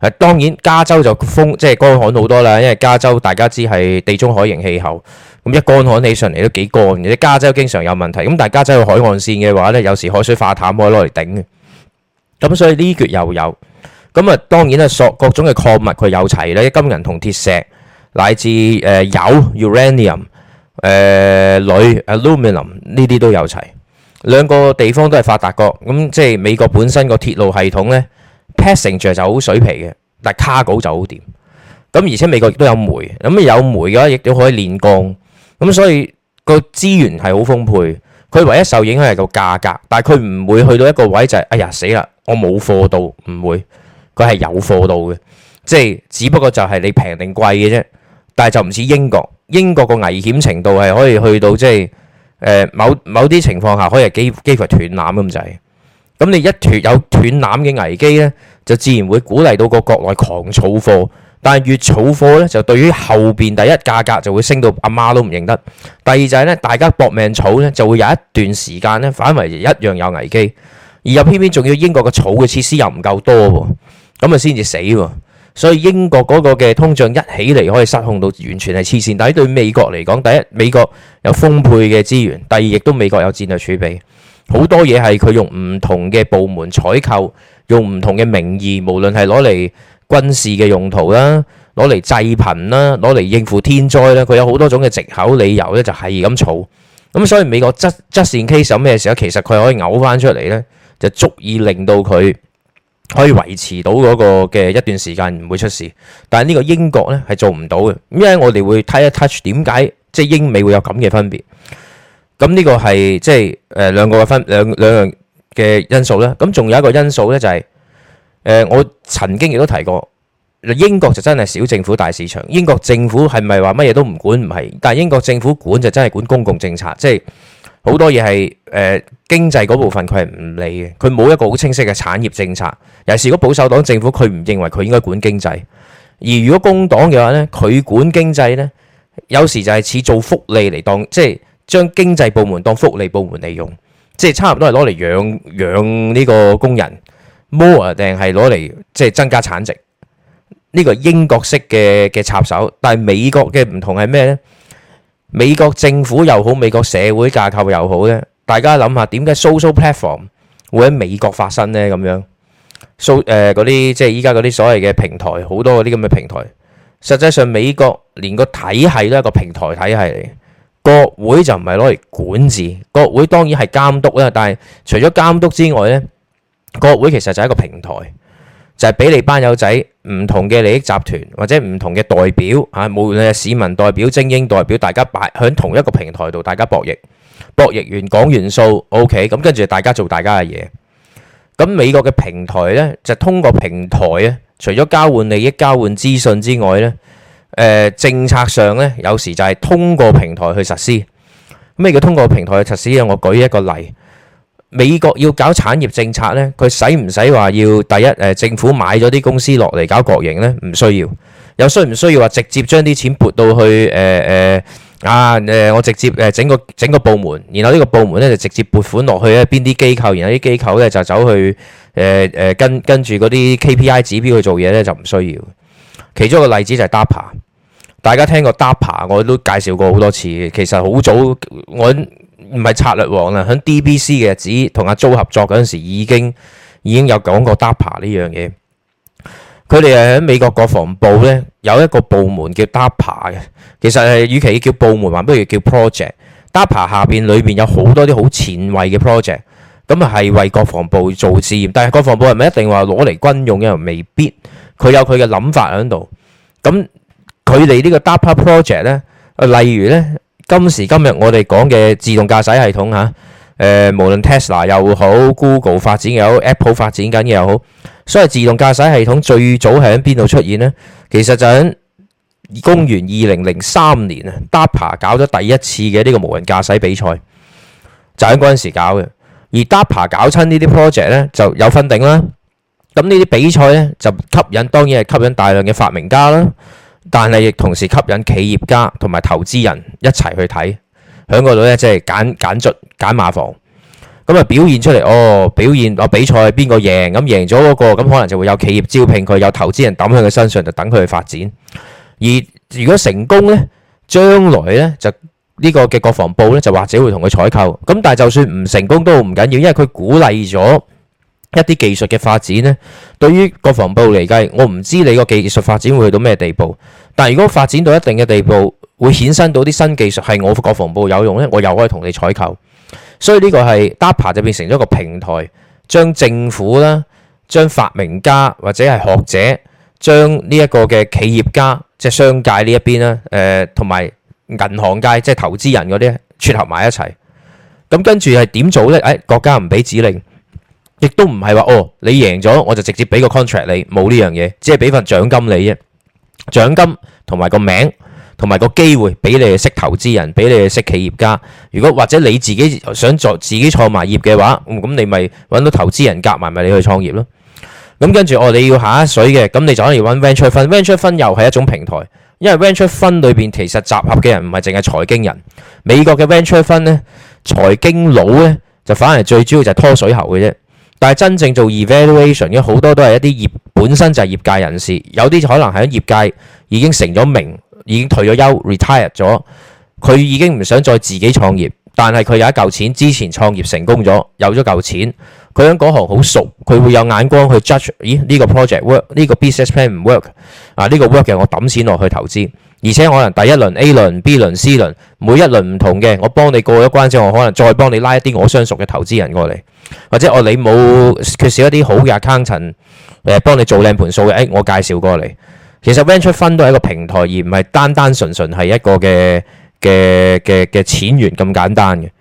誒，當然加州就風即係乾旱好多啦，因為加州大家知係地中海型氣候，咁一乾旱起上嚟都幾乾，而且加州經常有問題。咁但加州有海岸線嘅話呢有時海水化淡可以攞嚟頂嘅。咁所以呢橛又有，咁啊當然啦，索各種嘅礦物佢有齊呢金銀同鐵石，乃至誒鈾、呃、uranium，誒、呃、鋁 aluminum 呢啲都有齊。兩個地方都係發達國咁即係美國本身個鐵路系統呢。passenger 就好水皮嘅，但係 cargo 就好掂。咁而且美國亦都有煤，咁有煤嘅話亦都可以煉鋼。咁所以個資源係好豐沛，佢唯一受影響係個價格，但係佢唔會去到一個位就係、是、哎呀死啦，我冇貨到，唔會，佢係有貨到嘅，即係只不過就係你平定貴嘅啫。但係就唔似英國，英國個危險程度係可以去到即係誒、呃、某某啲情況下可以係基幾，幾乎係斷纜咁滯。咁你一斷有斷纜嘅危機咧，就自然會鼓勵到個國內狂儲貨，但係越儲貨咧，就對於後邊第一價格就會升到阿媽都唔認得。第二就係咧，大家搏命儲咧，就會有一段時間咧，反為一樣有危機，而又偏偏仲要英國嘅儲嘅設施又唔夠多，咁啊先至死。所以英國嗰個嘅通脹一起嚟可以失控到完全係黐線。但係對美國嚟講，第一美國有豐沛嘅資源，第二亦都美國有戰略儲備，好多嘢係佢用唔同嘅部門採購。用唔同嘅名義，無論係攞嚟軍事嘅用途啦，攞嚟濟貧啦，攞嚟應付天災啦，佢有好多種嘅藉口理由咧，就係咁措。咁所以美國側側線 case 有咩時候，其實佢可以嘔翻出嚟咧，就足以令到佢可以維持到嗰個嘅一段時間唔會出事。但係呢個英國咧係做唔到嘅，因為我哋會 touch 一 touch 點解即係英美會有咁嘅分別。咁呢個係即係誒兩個嘅分兩兩樣。嘅因素呢，咁仲有一個因素呢，就係誒，我曾經亦都提過，英國就真係小政府大市場。英國政府係咪話乜嘢都唔管？唔係，但係英國政府管就真係管公共政策，即係好多嘢係誒經濟嗰部分佢係唔理嘅，佢冇一個好清晰嘅產業政策。尤其是如果保守黨政府佢唔認為佢應該管經濟，而如果工黨嘅話呢，佢管經濟呢，有時就係似做福利嚟當，即係將經濟部門當福利部門嚟用。即係差唔多係攞嚟，養養呢個工人，more 定係攞嚟即係增加產值？呢個英國式嘅嘅插手，但係美國嘅唔同係咩呢？美國政府又好，美國社會架構又好咧。大家諗下，點解 social platform 會喺美國發生呢？咁樣，so 誒嗰啲即係依家嗰啲所謂嘅平台，好多嗰啲咁嘅平台，實際上美國連個體系都係個平台體系嚟。國會就唔係攞嚟管治，國會當然係監督啦。但係除咗監督之外咧，國會其實就係一個平台，就係俾你班友仔唔同嘅利益集團或者唔同嘅代表啊，無論係市民代表、精英代表，大家擺喺同一個平台度，大家博弈，博弈完講完數，OK，咁跟住大家做大家嘅嘢。咁美國嘅平台咧，就通過平台啊，除咗交換利益、交換資訊之外咧。誒、呃，政策上咧，有時就係通過平台去實施。咩叫通過平台去實施咧？我舉一個例，美國要搞產業政策咧，佢使唔使話要第一誒，政府買咗啲公司落嚟搞國營咧？唔需要。有需唔需要話直接將啲錢撥到去？誒、呃、誒、呃，啊誒、呃，我直接誒整個整個部門，然後呢個部門咧就直接撥款落去咧邊啲機構，然後啲機構咧就走去誒誒、呃呃、跟跟住嗰啲 KPI 指標去做嘢咧，就唔需要。其中一個例子就係 DAPA，大家聽過 DAPA，我都介紹過好多次。其實好早，我唔係策略王啦，響 DBC 嘅日子同阿朱合作嗰陣時，已經已經有講過 DAPA 呢樣嘢。佢哋係喺美國國防部呢，有一個部門叫 DAPA 嘅，其實係與其叫部門，還不如叫 project DAPA 下邊裏邊有好多啲好前衛嘅 project。咁啊，係為國防部做試驗，但係國防部係咪一定話攞嚟軍用嘅？未必，佢有佢嘅諗法喺度。咁佢哋呢個 DARPA project 咧，例如咧，今時今日我哋講嘅自動駕駛系統吓，誒，無論 Tesla 又好，Google 發展又好，Apple 發展緊嘅又好，所以自動駕駛系統最早係喺邊度出現呢？其實就喺公元二零零三年啊，DARPA 搞咗第一次嘅呢個無人駕駛比賽，就喺嗰陣時搞嘅。而 DARPA 搞親呢啲 project 呢，就有分定啦。咁呢啲比賽呢，就吸引當然係吸引大量嘅發明家啦。但係亦同時吸引企業家同埋投資人一齊去睇，響嗰度呢，即係揀揀揀馬房。咁啊表現出嚟哦，表現啊、哦、比賽邊、個贏，咁贏咗嗰個咁可能就會有企業招聘佢，有投資人抌喺佢身上，就等佢去發展。而如果成功呢，將來呢。就。呢個嘅國防部咧，就或者會同佢採購，咁但係就算唔成功都唔緊要，因為佢鼓勵咗一啲技術嘅發展咧。對於國防部嚟計，我唔知你個技術發展會去到咩地步，但係如果發展到一定嘅地步，會衍生到啲新技術係我國防部有用咧，我又可以同你採購。所以呢個係 DARPA 就變成咗一個平台，將政府啦、將發明家或者係學者、將呢一個嘅企業家即係商界呢一邊咧，誒同埋。銀行界即係投資人嗰啲撮合埋一齊，咁跟住係點做呢？誒、哎，國家唔俾指令，亦都唔係話哦，你贏咗我就直接俾個 contract 你，冇呢樣嘢，只係俾份獎金你啫。獎金同埋個名，同埋個機會俾你哋識投資人，俾你哋識企業家。如果或者你自己想做自己創埋業嘅話，咁、嗯、你咪揾到投資人夾埋咪你去創業咯。咁跟住，哦，你要下一水嘅，咁你就可以揾 venture fund，venture fund 又係一種平台。因為 venture 分裏邊其實集合嘅人唔係淨係財經人，美國嘅 venture 分呢，財經佬呢，就反而最主要就係拖水喉嘅啫。但係真正做 evaluation 嘅好多都係一啲業本身就係業界人士，有啲可能喺業界已經成咗名，已經退咗休 retired 咗，佢已經唔想再自己創業，但係佢有一嚿錢，之前創業成功咗，有咗嚿錢。佢喺嗰行好熟，佢會有眼光去 judge，咦呢個 project work，呢個 business plan 唔 work，啊呢個 work 嘅、er、我抌錢落去投資，而且可能第一輪 A 輪、B 輪、C 輪，每一輪唔同嘅，我幫你過咗關之後，我可能再幫你拉一啲我相熟嘅投資人過嚟，或者我你冇缺少一啲好嘅 accountant，誒幫你做靚盤數嘅，誒、哎、我介紹過嚟。其實 Venture Fund 都係一個平台，而唔係單單純純係一個嘅嘅嘅嘅錢源咁簡單嘅。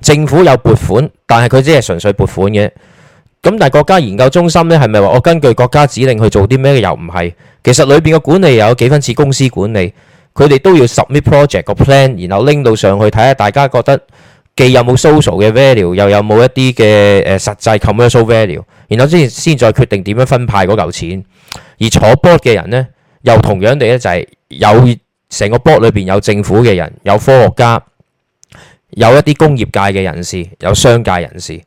政府有撥款，但係佢只係純粹撥款嘅。咁但係國家研究中心咧，係咪話我根據國家指令去做啲咩？又唔係。其實裏邊嘅管理又有幾分似公司管理，佢哋都要 submit project 個 plan，然後拎到上去睇下大家覺得既有冇 social 嘅 value，又有冇一啲嘅誒實際 commercial value，然後先先再決定點樣分派嗰嚿錢。而坐 board 嘅人咧，又同樣地咧，就係有成個 board 裏邊有政府嘅人，有科學家。有一啲工業界嘅人士，有商界人士，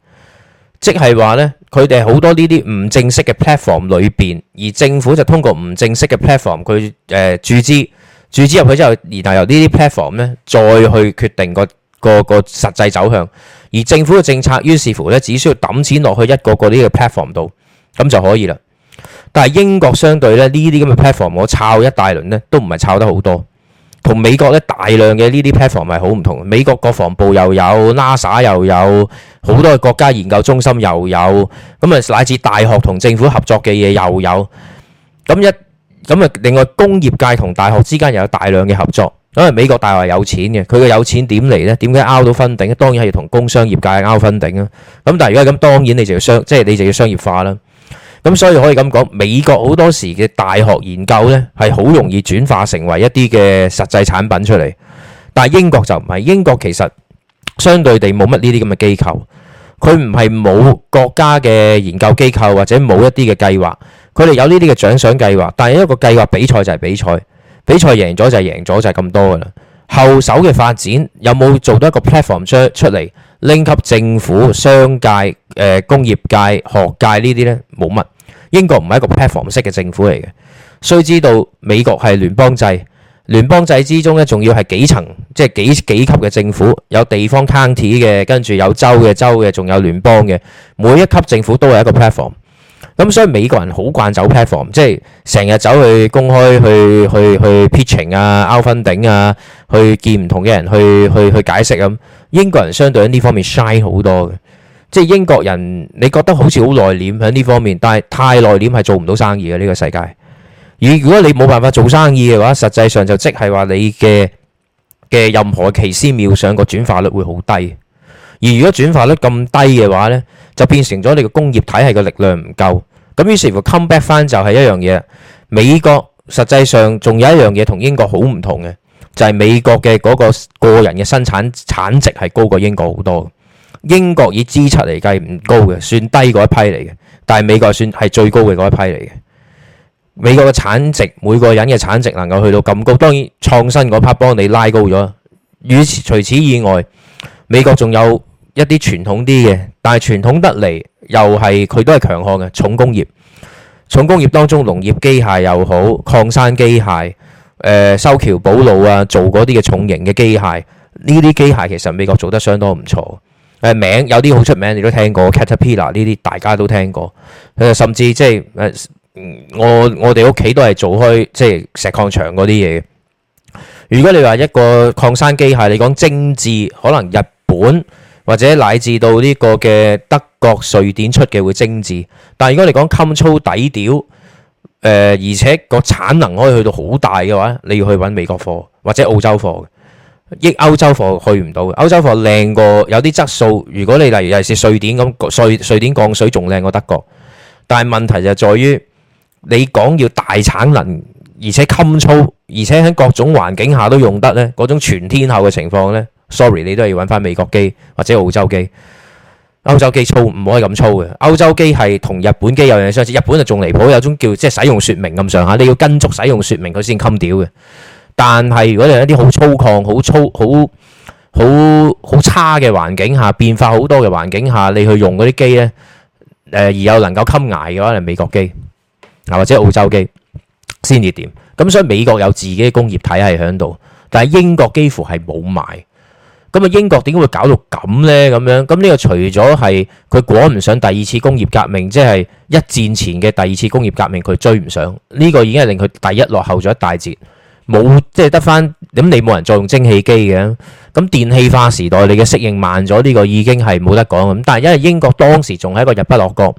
即係話呢，佢哋好多呢啲唔正式嘅 platform 裏邊，而政府就通過唔正式嘅 platform，佢誒注資，注資入去之後，然後由呢啲 platform 咧再去決定個個個實際走向，而政府嘅政策於是乎咧，只需要抌錢落去一個個呢個 platform 度，咁就可以啦。但係英國相對咧呢啲咁嘅 platform，我炒一大輪咧，都唔係炒得好多。美國咧，大量嘅呢啲 platform 係好唔同嘅。美國國防部又有 NASA，又有好多嘅國家研究中心又有咁啊，乃至大學同政府合作嘅嘢，又有咁一咁啊。另外，工業界同大學之間又有大量嘅合作，因為美國大學有錢嘅，佢嘅有錢點嚟呢？點解拗到分頂咧？當然係要同工商業界拗分頂啦。咁但係如果咁，當然你就要商即係、就是、你就要商業化啦。咁所以可以咁講，美國好多時嘅大學研究呢係好容易轉化成為一啲嘅實際產品出嚟。但係英國就唔係，英國其實相對地冇乜呢啲咁嘅機構。佢唔係冇國家嘅研究機構或者冇一啲嘅計劃，佢哋有呢啲嘅獎賞計劃。但係一個計劃比賽就係比賽，比賽贏咗就係贏咗就係咁多㗎喇。後手嘅發展有冇做到一個 platform 出嚟？拎級政府、商界、誒工業界、學界呢啲咧冇乜。英國唔係一個 platform 式嘅政府嚟嘅。須知道美國係聯邦制，聯邦制之中咧仲要係幾層，即係幾幾級嘅政府，有地方 county 嘅，跟住有州嘅州嘅，仲有聯邦嘅。每一級政府都係一個 platform。咁所以美國人好慣走 platform，即係成日走去公開去去去 pitching 啊、outfunding 啊、去見唔同嘅人去去去解釋咁。英國人相對喺呢方面 shy 好多嘅，即係英國人你覺得好似好內斂喺呢方面，但係太內斂係做唔到生意嘅呢個世界。而如果你冇辦法做生意嘅話，實際上就即係話你嘅嘅任何奇思妙想個轉化率會好低。而如果轉化率咁低嘅話呢，就變成咗你個工業體系嘅力量唔夠，咁於是乎 come back 翻就係一樣嘢。美國實際上仲有一樣嘢同英國好唔同嘅，就係、是、美國嘅嗰個個人嘅生產產值係高過英國好多。英國以支出嚟計唔高嘅，算低嗰一批嚟嘅，但係美國算係最高嘅嗰一批嚟嘅。美國嘅產值每個人嘅產值能夠去到咁高，當然創新嗰 part 幫你拉高咗。與此除此以外，美國仲有一啲傳統啲嘅，但係傳統得嚟又係佢都係強項嘅重工業。重工業當中，農業機械又好，礦山機械，誒、呃、修橋補路啊，做嗰啲嘅重型嘅機械，呢啲機械其實美國做得相當唔錯。誒、呃、名有啲好出名，你都聽過 Caterpillar 呢啲，大家都聽過。呃、甚至即係、呃、我我哋屋企都係做開即係石礦場嗰啲嘢。如果你話一個礦山機械，你講精緻，可能日本。或者乃至到呢個嘅德國、瑞典出嘅會精緻，但係如果你講襟粗底調，誒、呃、而且個產能可以去到好大嘅話，你要去揾美國貨或者澳洲貨，億歐洲貨去唔到嘅。歐洲貨靚過有啲質素，如果你例如係瑞典咁，瑞瑞典鋼水仲靚過德國，但係問題就在於你講要大產能，而且襟粗，而且喺各種環境下都用得呢嗰種全天候嘅情況呢。sorry，你都係要揾翻美國機或者澳洲機。歐洲機粗唔可以咁粗嘅。歐洲機係同日本機有樣相似，日本就仲離譜，有種叫即係使用說明咁上下，你要跟足使用說明佢先襟屌嘅。但係如果你係一啲好粗獷、好粗、好好好差嘅環境下，變化好多嘅環境下，你去用嗰啲機呢，誒，而又能夠襟捱嘅話，你美國機啊或者澳洲機先至掂。咁所以美國有自己嘅工業體系喺度，但係英國幾乎係冇賣。咁啊，英國點解會搞到咁呢？咁樣，咁呢個除咗係佢趕唔上第二次工業革命，即係一戰前嘅第二次工業革命，佢追唔上呢個已經係令佢第一落後咗一大截，冇即係得翻咁，你冇人再用蒸汽機嘅，咁電氣化時代你嘅適應慢咗，呢個已經係冇得講咁。但係因為英國當時仲係一個日不落國，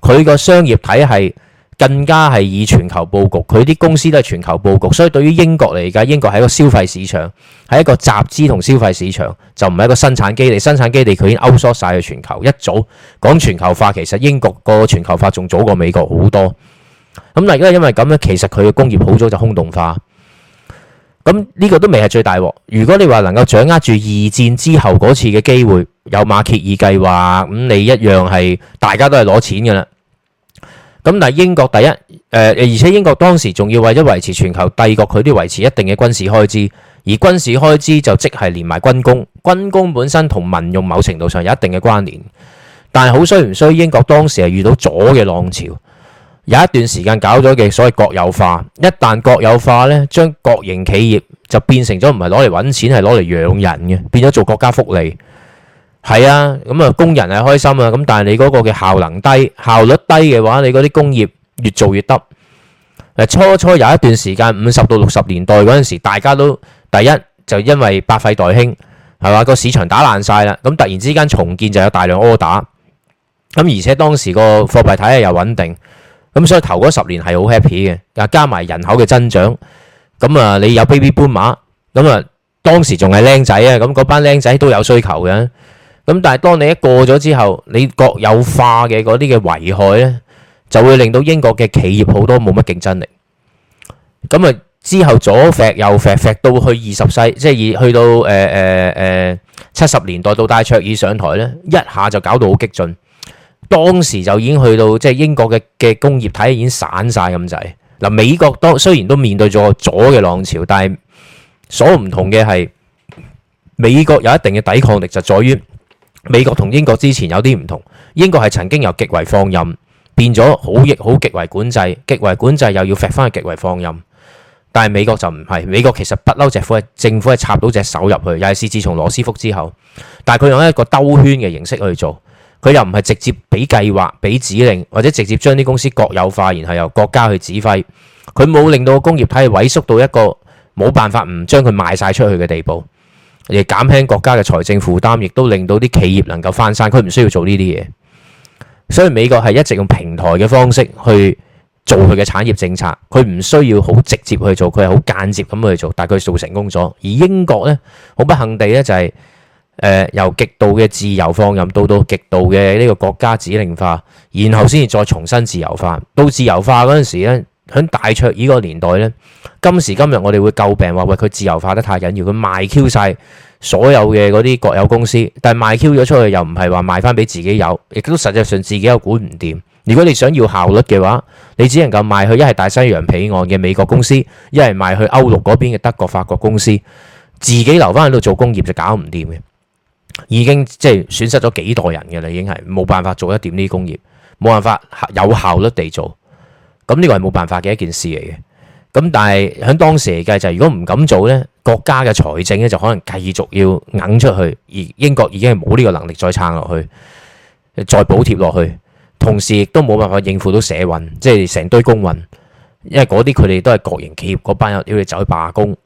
佢個商業體系更加係以全球佈局，佢啲公司都係全球佈局，所以對於英國嚟講，英國係一個消費市場。係一個集資同消費市場，就唔係一個生產基地。生產基地佢已經收縮晒去全球。一早講全球化，其實英國個全球化仲早過美國好多。咁但係因為咁樣，其實佢嘅工業好早就空洞化。咁呢個都未係最大鑊。如果你話能夠掌握住二戰之後嗰次嘅機會，有馬歇爾計劃咁，你一樣係大家都係攞錢噶啦。咁但係英國第一誒、呃，而且英國當時仲要為咗維持全球帝國，佢都要維持一定嘅軍事開支。而軍事開支就即係連埋軍工，軍工本身同民用某程度上有一定嘅關聯，但係好衰唔衰？英國當時係遇到咗嘅浪潮，有一段時間搞咗嘅所謂國有化，一旦國有化呢，將國營企業就變成咗唔係攞嚟揾錢，係攞嚟養人嘅，變咗做國家福利。係啊，咁啊，工人係開心啊，咁但係你嗰個嘅效能低、效率低嘅話，你嗰啲工業越做越得。初初有一段時間，五十到六十年代嗰陣時，大家都第一就因為百廢待興，係嘛個市場打爛晒啦，咁突然之間重建就有大量柯打，d 咁而且當時個貨幣體系又穩定，咁所以頭嗰十年係好 happy 嘅，嗱加埋人口嘅增長，咁啊你有 baby boomer，咁啊當時仲係僆仔啊，咁嗰班僆仔都有需求嘅，咁但係當你一過咗之後，你國有化嘅嗰啲嘅危害咧。就會令到英國嘅企業好多冇乜競爭力。咁啊，之後左揈右揈揈到去二十世，即係去到誒誒誒七十年代到戴卓爾上台呢，一下就搞到好激進。當時就已經去到即係、就是、英國嘅嘅工業體已經散晒咁滯嗱。美國當雖然都面對咗左嘅浪潮，但係所唔同嘅係美國有一定嘅抵抗力，就在於美國同英國之前有啲唔同。英國係曾經有極為放任。變咗好亦好，極為管制，極為管制又要甩翻去極為放任。但係美國就唔係，美國其實不嬲政府係政府係插到隻手入去，尤其是自從羅斯福之後。但係佢用一個兜圈嘅形式去做，佢又唔係直接俾計劃、俾指令，或者直接將啲公司國有化，然後由國家去指揮。佢冇令到個工業體系萎縮到一個冇辦法唔將佢賣晒出去嘅地步，亦減輕國家嘅財政負擔，亦都令到啲企業能夠翻山。佢唔需要做呢啲嘢。所以美國係一直用平台嘅方式去做佢嘅產業政策，佢唔需要好直接去做，佢係好間接咁去做，但係佢做成功咗。而英國呢，好不幸地呢、就係，就係誒由極度嘅自由放任到到極度嘅呢個國家指令化，然後先至再重新自由化。到自由化嗰陣時呢，響戴卓爾個年代呢，今時今日我哋會詬病話喂，佢自由化得太緊要，佢賣 Q 晒，」所有嘅嗰啲國有公司，但係賣 Q 咗出去又唔係話賣翻俾自己有，亦都實際上自己又管唔掂。如果你想要效率嘅話，你只能夠賣去一係大西洋彼岸嘅美國公司，一係賣去歐陸嗰邊嘅德國、法國公司，自己留翻喺度做工業就搞唔掂嘅，已經即係損失咗幾代人嘅啦，已經係冇辦法做得掂呢啲工業，冇辦法有效率地做，咁呢個係冇辦法嘅一件事嚟嘅。咁但係喺當時嚟計，就如果唔敢做呢，國家嘅財政呢，就可能繼續要硬出去，而英國已經係冇呢個能力再撐落去，再補貼落去，同時亦都冇辦法應付到社運，即係成堆工運，因為嗰啲佢哋都係國營企業嗰班，人要你走去罷工，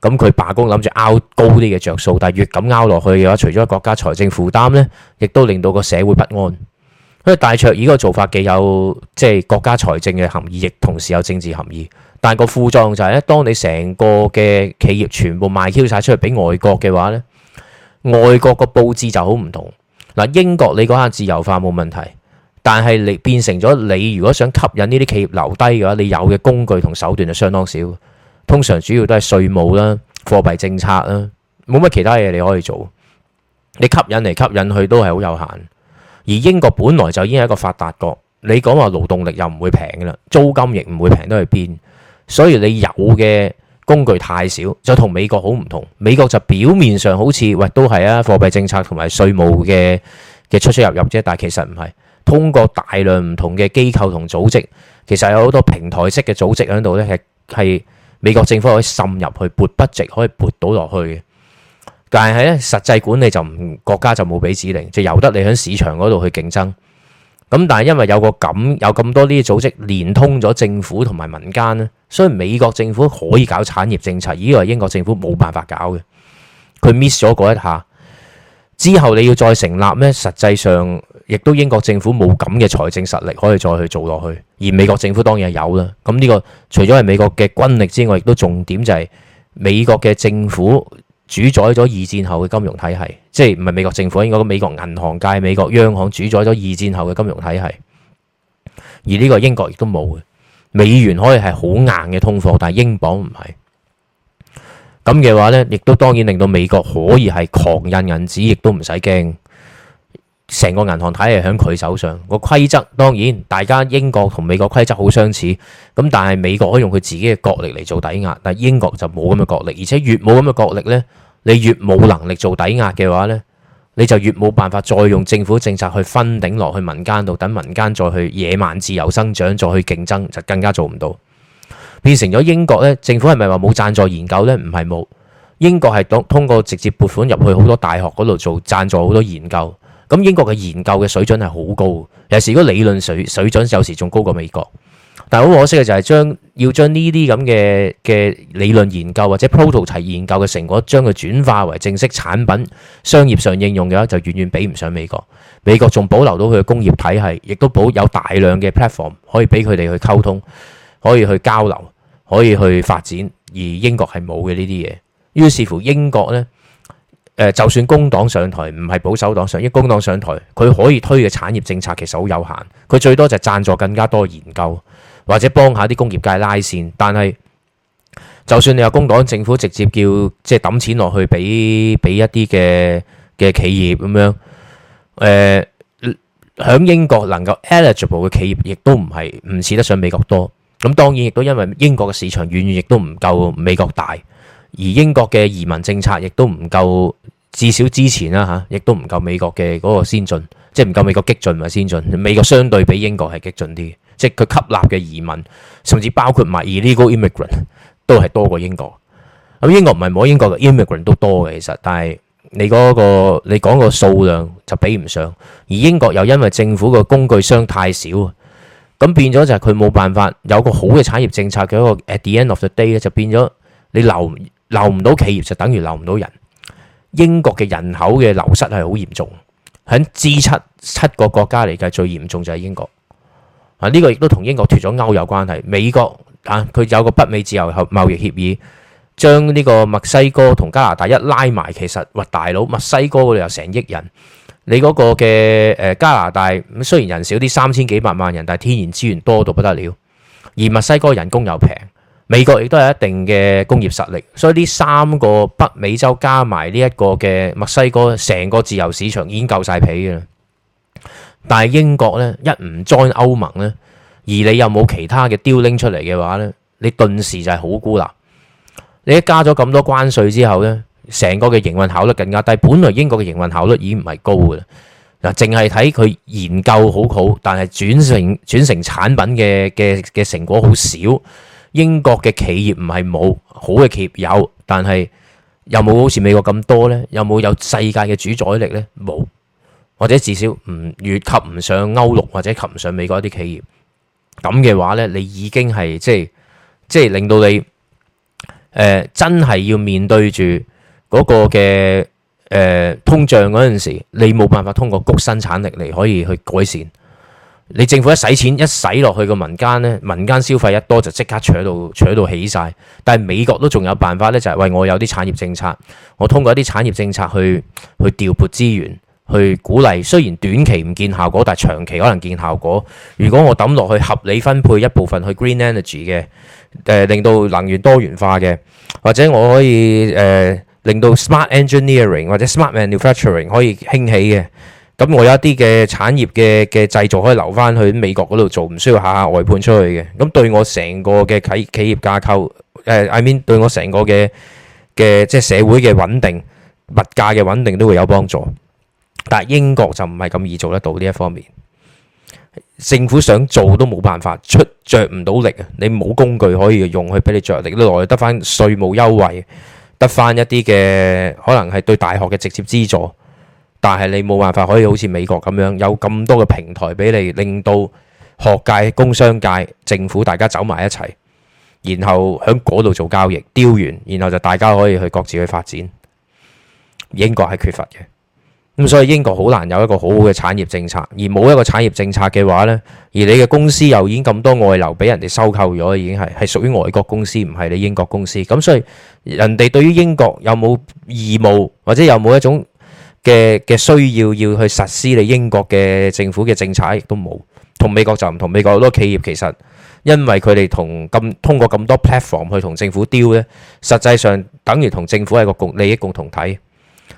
咁佢罷工諗住拗高啲嘅着數，但係越咁拗落去嘅話，除咗國家財政負擔呢，亦都令到個社會不安。因為戴卓爾嗰個做法既有即係、就是、國家財政嘅含義，亦同時有政治含義。但個副作用就係咧，當你成個嘅企業全部賣 Q 曬出去俾外國嘅話呢，外國個佈置就好唔同嗱。英國你講下自由化冇問題，但係你變成咗你如果想吸引呢啲企業留低嘅話，你有嘅工具同手段就相當少。通常主要都係稅務啦、貨幣政策啦，冇乜其他嘢你可以做。你吸引嚟吸引去都係好有限。而英國本來就已經係一個發達國，你講話勞動力又唔會平㗎啦，租金亦唔會平，得去邊。所以你有嘅工具太少，就同美國好唔同。美國就表面上好似喂，都係啊，貨幣政策同埋稅務嘅嘅出出入入啫，但係其實唔係。通過大量唔同嘅機構同組織，其實有好多平台式嘅組織喺度咧，係係美國政府可以滲入去，撥筆資可以撥到落去嘅。但係喺咧實際管理就唔國家就冇俾指令，就由得你響市場嗰度去競爭。咁但係因為有個咁有咁多呢啲組織連通咗政府同埋民間咧，所以美國政府可以搞產業政策，依個英國政府冇辦法搞嘅。佢 miss 咗嗰一下之後，你要再成立咩？實際上亦都英國政府冇咁嘅財政實力可以再去做落去，而美國政府當然係有啦。咁呢個除咗係美國嘅軍力之外，亦都重點就係美國嘅政府。主宰咗二戰後嘅金融體系，即係唔係美國政府應該美國銀行界、美國央行主宰咗二戰後嘅金融體系，而呢個英國亦都冇嘅。美元可以係好硬嘅通貨，但係英鎊唔係。咁嘅話呢，亦都當然令到美國可以係狂印銀紙，亦都唔使驚。成個銀行體系喺佢手上，這個規則，當然，大家英國同美國規則好相似。咁但係美國可以用佢自己嘅國力嚟做抵押，但係英國就冇咁嘅國力，而且越冇咁嘅國力呢。你越冇能力做抵押嘅話呢，你就越冇辦法再用政府政策去分頂落去民間度，等民間再去野蠻自由生長，再去競爭就更加做唔到，變成咗英國呢，政府係咪話冇贊助研究呢？唔係冇，英國係當通過直接撥款入去好多大學嗰度做贊助好多研究。咁英國嘅研究嘅水準係好高，有時如果理論水水準有時仲高過美國，但好可惜嘅就係將要將呢啲咁嘅嘅理論研究或者 prototype 研究嘅成果，將佢轉化為正式產品，商業上應用嘅話，就遠遠比唔上美國。美國仲保留到佢嘅工業體系，亦都保有大量嘅 platform 可以俾佢哋去溝通，可以去交流，可以去發展。而英國係冇嘅呢啲嘢，於是乎英國呢，誒，就算工黨上台，唔係保守黨上，因為工黨上台，佢可以推嘅產業政策其實好有限，佢最多就係贊助更加多研究。或者幫下啲工業界拉線，但係就算你有工黨政府直接叫即係抌錢落去俾俾一啲嘅嘅企業咁樣，誒、呃、喺英國能夠 eligible 嘅企業亦都唔係唔似得上美國多。咁當然亦都因為英國嘅市場遠遠亦都唔夠美國大，而英國嘅移民政策亦都唔夠，至少之前啦嚇，亦都唔夠美國嘅嗰個先進，即係唔夠美國激進唔係先進。美國相對比英國係激進啲。即係佢吸納嘅移民，甚至包括埋 illegal immigrant 都係多過英國。咁英國唔係冇英國嘅 immigrant 都多嘅，其實，但係你嗰個你講個數量就比唔上。而英國又因為政府個工具箱太少，咁變咗就係佢冇辦法有個好嘅產業政策，嘅一個 at the end of the day 咧，就變咗你留留唔到企業就等於留唔到人。英國嘅人口嘅流失係好嚴重，喺 G7 七個國家嚟計最嚴重就係英國。呢個亦都同英國脫咗歐有關係。美國啊，佢有個北美自由貿易協議，將呢個墨西哥同加拿大一拉埋。其實，哇！大佬，墨西哥嗰度有成億人，你嗰個嘅誒、呃、加拿大咁雖然人少啲，三千幾百萬人，但係天然資源多到不得了。而墨西哥人工又平，美國亦都有一定嘅工業實力。所以呢三個北美洲加埋呢一個嘅墨西哥，成個自由市場已經夠晒皮嘅啦。但係英國呢，一唔 join 歐盟呢，而你又冇其他嘅 deal 拎出嚟嘅話呢，你頓時就係好孤立。你一加咗咁多關稅之後呢，成個嘅營運效率更加低。本來英國嘅營運效率已經唔係高噶啦，嗱，淨係睇佢研究好好，但係轉成轉成產品嘅嘅嘅成果好少。英國嘅企業唔係冇，好嘅企業有，但係又冇好似美國咁多呢，又冇有世界嘅主宰力呢，冇。或者至少唔越及唔上歐陸或者及唔上美國一啲企業，咁嘅話呢，你已經係即係即係令到你誒、呃、真係要面對住嗰個嘅誒、呃、通脹嗰陣時，你冇辦法通過谷生產力嚟可以去改善。你政府一使錢一使落去個民間咧，民間消費一多就即刻扯到扯到起晒。但係美國都仲有辦法呢？就係、是、喂，我有啲產業政策，我通過一啲產業政策去去調撥資源。去鼓勵，雖然短期唔見效果，但係長期可能見效果。如果我抌落去合理分配一部分去 green energy 嘅，誒令到能源多元化嘅，或者我可以誒令到 smart engineering 或者 smart manufacturing 可以興起嘅，咁我有一啲嘅產業嘅嘅製造可以留翻去美國嗰度做，唔需要下下外判出去嘅。咁對我成個嘅企企業架構，誒 I mean 對我成個嘅嘅即係社會嘅穩定、物價嘅穩定都會有幫助。但英國就唔係咁易做得到呢一方面，政府想做都冇辦法，出着唔到力啊！你冇工具可以用去俾你着力，你來得翻稅務優惠，得翻一啲嘅可能係對大學嘅直接資助，但係你冇辦法可以好似美國咁樣有咁多嘅平台俾你，令到學界、工商界、政府大家走埋一齊，然後喺嗰度做交易，丟完，然後就大家可以去各自去發展。英國係缺乏嘅。咁所以英國好難有一個好好嘅產業政策，而冇一個產業政策嘅話呢，而你嘅公司又已經咁多外流俾人哋收購咗，已經係係屬於外國公司，唔係你英國公司。咁所以人哋對於英國有冇義務或者有冇一種嘅嘅需要要去實施你英國嘅政府嘅政策，亦都冇。同美國就唔同，美國好多企業其實因為佢哋同咁通過咁多 platform 去同政府 deal 呢，實際上等於同政府係個共利益共同體。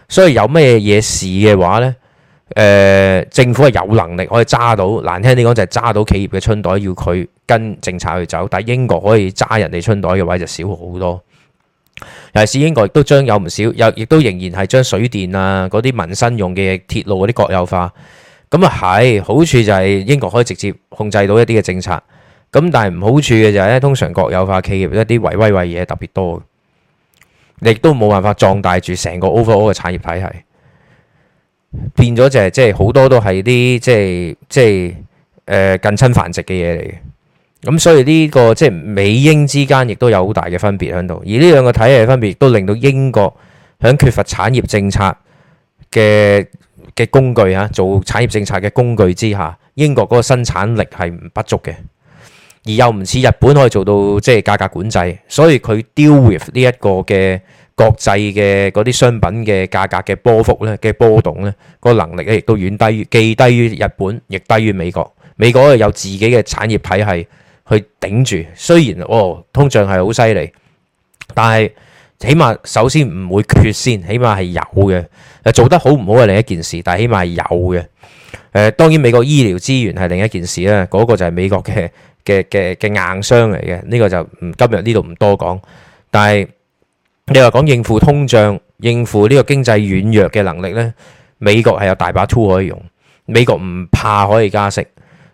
所以有咩嘢事嘅話呢，誒、呃，政府係有能力可以揸到，難聽啲講就係揸到企業嘅春袋，要佢跟政策去走。但係英國可以揸人哋春袋嘅位就少好多。尤其是英國亦都將有唔少，又亦都仍然係將水電啊嗰啲民生用嘅鐵路嗰啲國有化。咁啊係，好處就係英國可以直接控制到一啲嘅政策。咁但係唔好處嘅就係、是、咧，通常國有化企業一啲違規壞嘢特別多。亦都冇辦法壯大住成個 overall 嘅產業體系，變咗就係即係好多都係啲即係即係、呃、近親繁殖嘅嘢嚟嘅。咁、嗯、所以呢、呢個即係美英之間亦都有好大嘅分別喺度，而呢兩個體系分別亦都令到英國響缺乏產業政策嘅嘅工具吓，做產業政策嘅工具之下，英國嗰個生產力係不足嘅。而又唔似日本可以做到即係價格管制，所以佢 deal with 呢一個嘅國際嘅嗰啲商品嘅價格嘅波幅咧、嘅波動咧，個能力咧亦都遠低於、既低於日本，亦低於美國。美國有自己嘅產業體系去頂住，雖然哦通脹係好犀利，但係起碼首先唔會缺先，起碼係有嘅。誒做得好唔好係另一件事，但係起碼係有嘅。誒、呃、當然美國醫療資源係另一件事啦，嗰、嗰個就係美國嘅。嘅嘅嘅硬傷嚟嘅，呢個就唔今日呢度唔多講。但係你話講應付通脹、應付呢個經濟軟弱嘅能力咧，美國係有大把 tool 可以用。美國唔怕可以加息，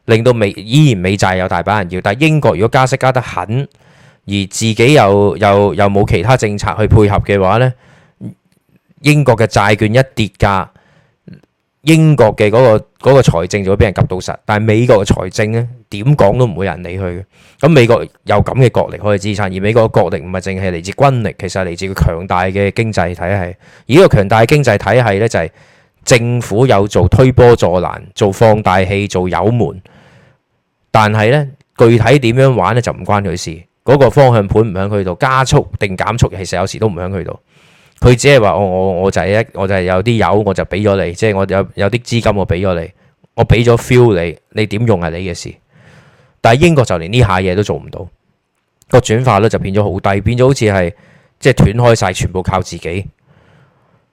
令到美依然美債有大把人要。但係英國如果加息加得狠，而自己又又又冇其他政策去配合嘅話咧，英國嘅債券一跌價，英國嘅嗰個嗰個財政就會俾人夾到實。但係美國嘅財政咧。點講都唔會人理佢。咁美國有咁嘅國力可以支撐，而美國嘅國力唔係淨係嚟自軍力，其實係嚟自佢強大嘅經濟體系。而呢個強大嘅經濟體系呢，就係政府有做推波助瀾、做放大器、做油門，但係呢，具體點樣玩呢？就唔關佢事。嗰個方向盤唔喺佢度加速定減速，其實有時都唔喺佢度。佢只係話：我我我就係一我就係有啲油我就俾咗你，即係我有有啲資金我俾咗你，我俾咗 feel 你，你點用係你嘅事。但係英國就連呢下嘢都做唔到，個轉化率就變咗好低，變咗好似係即係斷開晒，全部靠自己。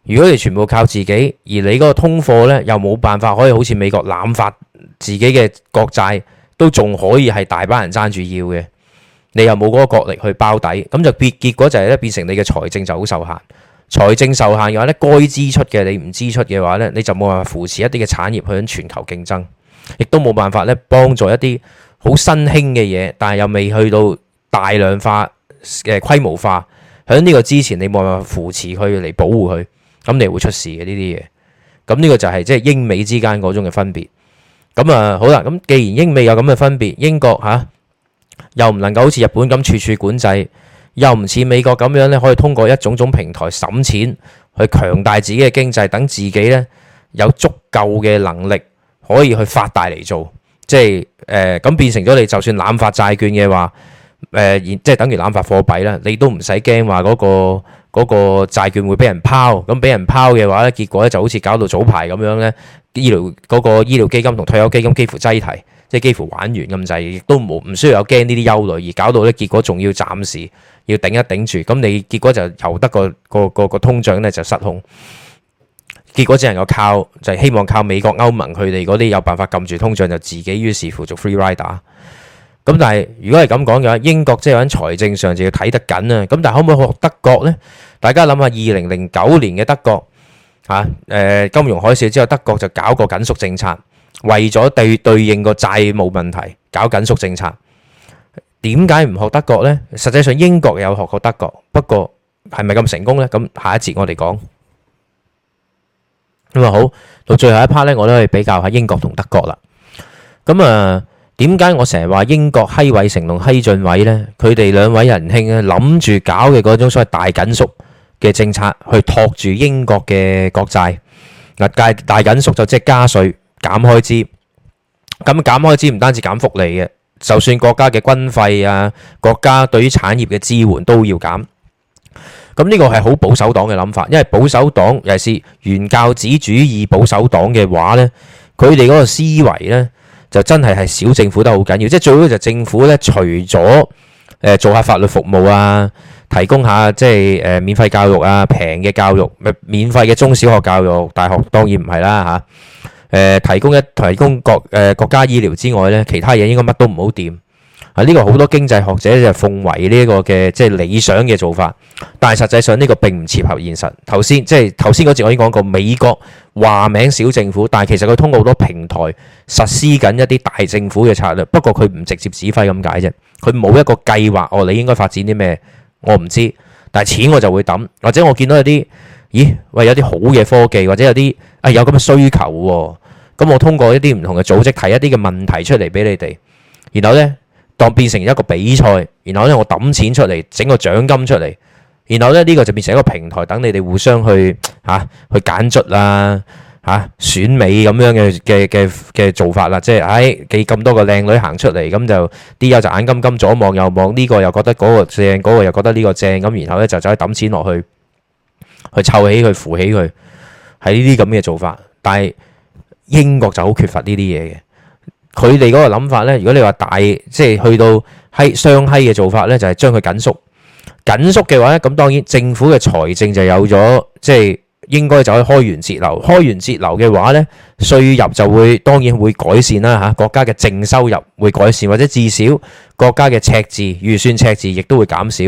如果你全部靠自己，而你嗰個通貨呢，又冇辦法可以好似美國濫發自己嘅國債，都仲可以係大班人爭住要嘅，你又冇嗰個國力去包底，咁就結結果就係咧變成你嘅財政就好受限。財政受限嘅話呢，該支出嘅你唔支出嘅話呢，你就冇辦法扶持一啲嘅產業去響全球競爭，亦都冇辦法咧幫助一啲。好新興嘅嘢，但係又未去到大量化嘅呃、規模化。喺呢個之前，你冇辦法扶持佢嚟保護佢，咁你會出事嘅呢啲嘢。咁呢個就係即係英美之間嗰種嘅分別。咁啊，好啦，咁既然英美有咁嘅分別，英國吓、啊、又唔能夠好似日本咁處處管制，又唔似美國咁樣咧，可以通過一種種平台抌錢去強大自己嘅經濟，等自己咧有足夠嘅能力可以去發大嚟做。即係誒咁變成咗你就算濫發債券嘅話，誒、呃、即係等於濫發貨幣啦，你都唔使驚話嗰個嗰、嗰個、債券會俾人拋，咁俾人拋嘅話咧，結果咧就好似搞到早排咁樣咧，醫療嗰、嗰個醫療基金同退休基金幾乎擠提，即係幾乎玩完咁滯，亦都冇唔需要有驚呢啲憂慮，而搞到咧結果仲要暫時要頂一頂住，咁你結果就由得、嗰個、嗰個、嗰個個通脹咧就失控。結果只能夠靠，就係希望靠美國、歐盟佢哋嗰啲有辦法撳住通脹，就自己於是乎做 free rider。咁但係如果係咁講嘅話，英國即係喺財政上就要睇得緊啊。咁但係可唔可以學德國呢？大家諗下，二零零九年嘅德國嚇誒金融海嘯之後，德國就搞個緊縮政策，為咗對對應個債務問題搞緊縮政策。點解唔學德國呢？實際上英國有學過德國，不過係咪咁成功呢？咁下一節我哋講。咁啊好，到最後一 part 咧，我都去比較下英國同德國啦。咁啊，點解我成日話英國辛偉誠同侯俊偉咧？佢哋兩位仁兄咧，諗住搞嘅嗰種所謂大緊縮嘅政策，去托住英國嘅國債。嗱，介大緊縮就即係加稅、減開支。咁減開支唔單止減福利嘅，就算國家嘅軍費啊，國家對於產業嘅支援都要減。咁呢個係好保守黨嘅諗法，因為保守黨尤其是原教旨主義保守黨嘅話呢，佢哋嗰個思維呢，就真係係小政府都好緊要，即係最好就政府呢，除咗做下法律服務啊，提供下即係誒免費教育啊，平嘅教育免費嘅中小學教育，大學當然唔係啦嚇，誒提供一、呃、提供國誒、呃、國家醫療之外呢，其他嘢應該乜都唔好掂。呢個好多經濟學者就奉為呢個嘅即係理想嘅做法，但係實際上呢個並唔切合現實。頭先即係頭先嗰節，我已經講過美國話名小政府，但係其實佢通過好多平台實施緊一啲大政府嘅策略。不過佢唔直接指揮咁解啫，佢冇一個計劃。哦，你應該發展啲咩？我唔知，但係錢我就會揼，或者我見到有啲咦喂，有啲好嘅科技，或者有啲啊、哎、有咁嘅需求喎、哦，咁我通過一啲唔同嘅組織提一啲嘅問題出嚟俾你哋，然後呢。當變成一個比賽，然後咧我抌錢出嚟，整個獎金出嚟，然後咧呢個就變成一個平台，等你哋互相去吓去揀出啦，吓選美咁樣嘅嘅嘅嘅做法啦，即係喺幾咁多個靚女行出嚟，咁就啲友就眼金金左望右望，呢個又覺得嗰個正，嗰個又覺得呢個正，咁然後咧就走去抌錢落去，去湊起佢扶起佢，喺呢啲咁嘅做法。但係英國就好缺乏呢啲嘢嘅。佢哋嗰個諗法咧，如果你話大，即係去到係雙蝦嘅做法咧，就係將佢緊縮。緊縮嘅話咧，咁當然政府嘅財政就有咗，即係應該就去開源節流。開源節流嘅話咧，稅入就會當然會改善啦嚇。國家嘅淨收入會改善，或者至少國家嘅赤字、預算赤字亦都會減少。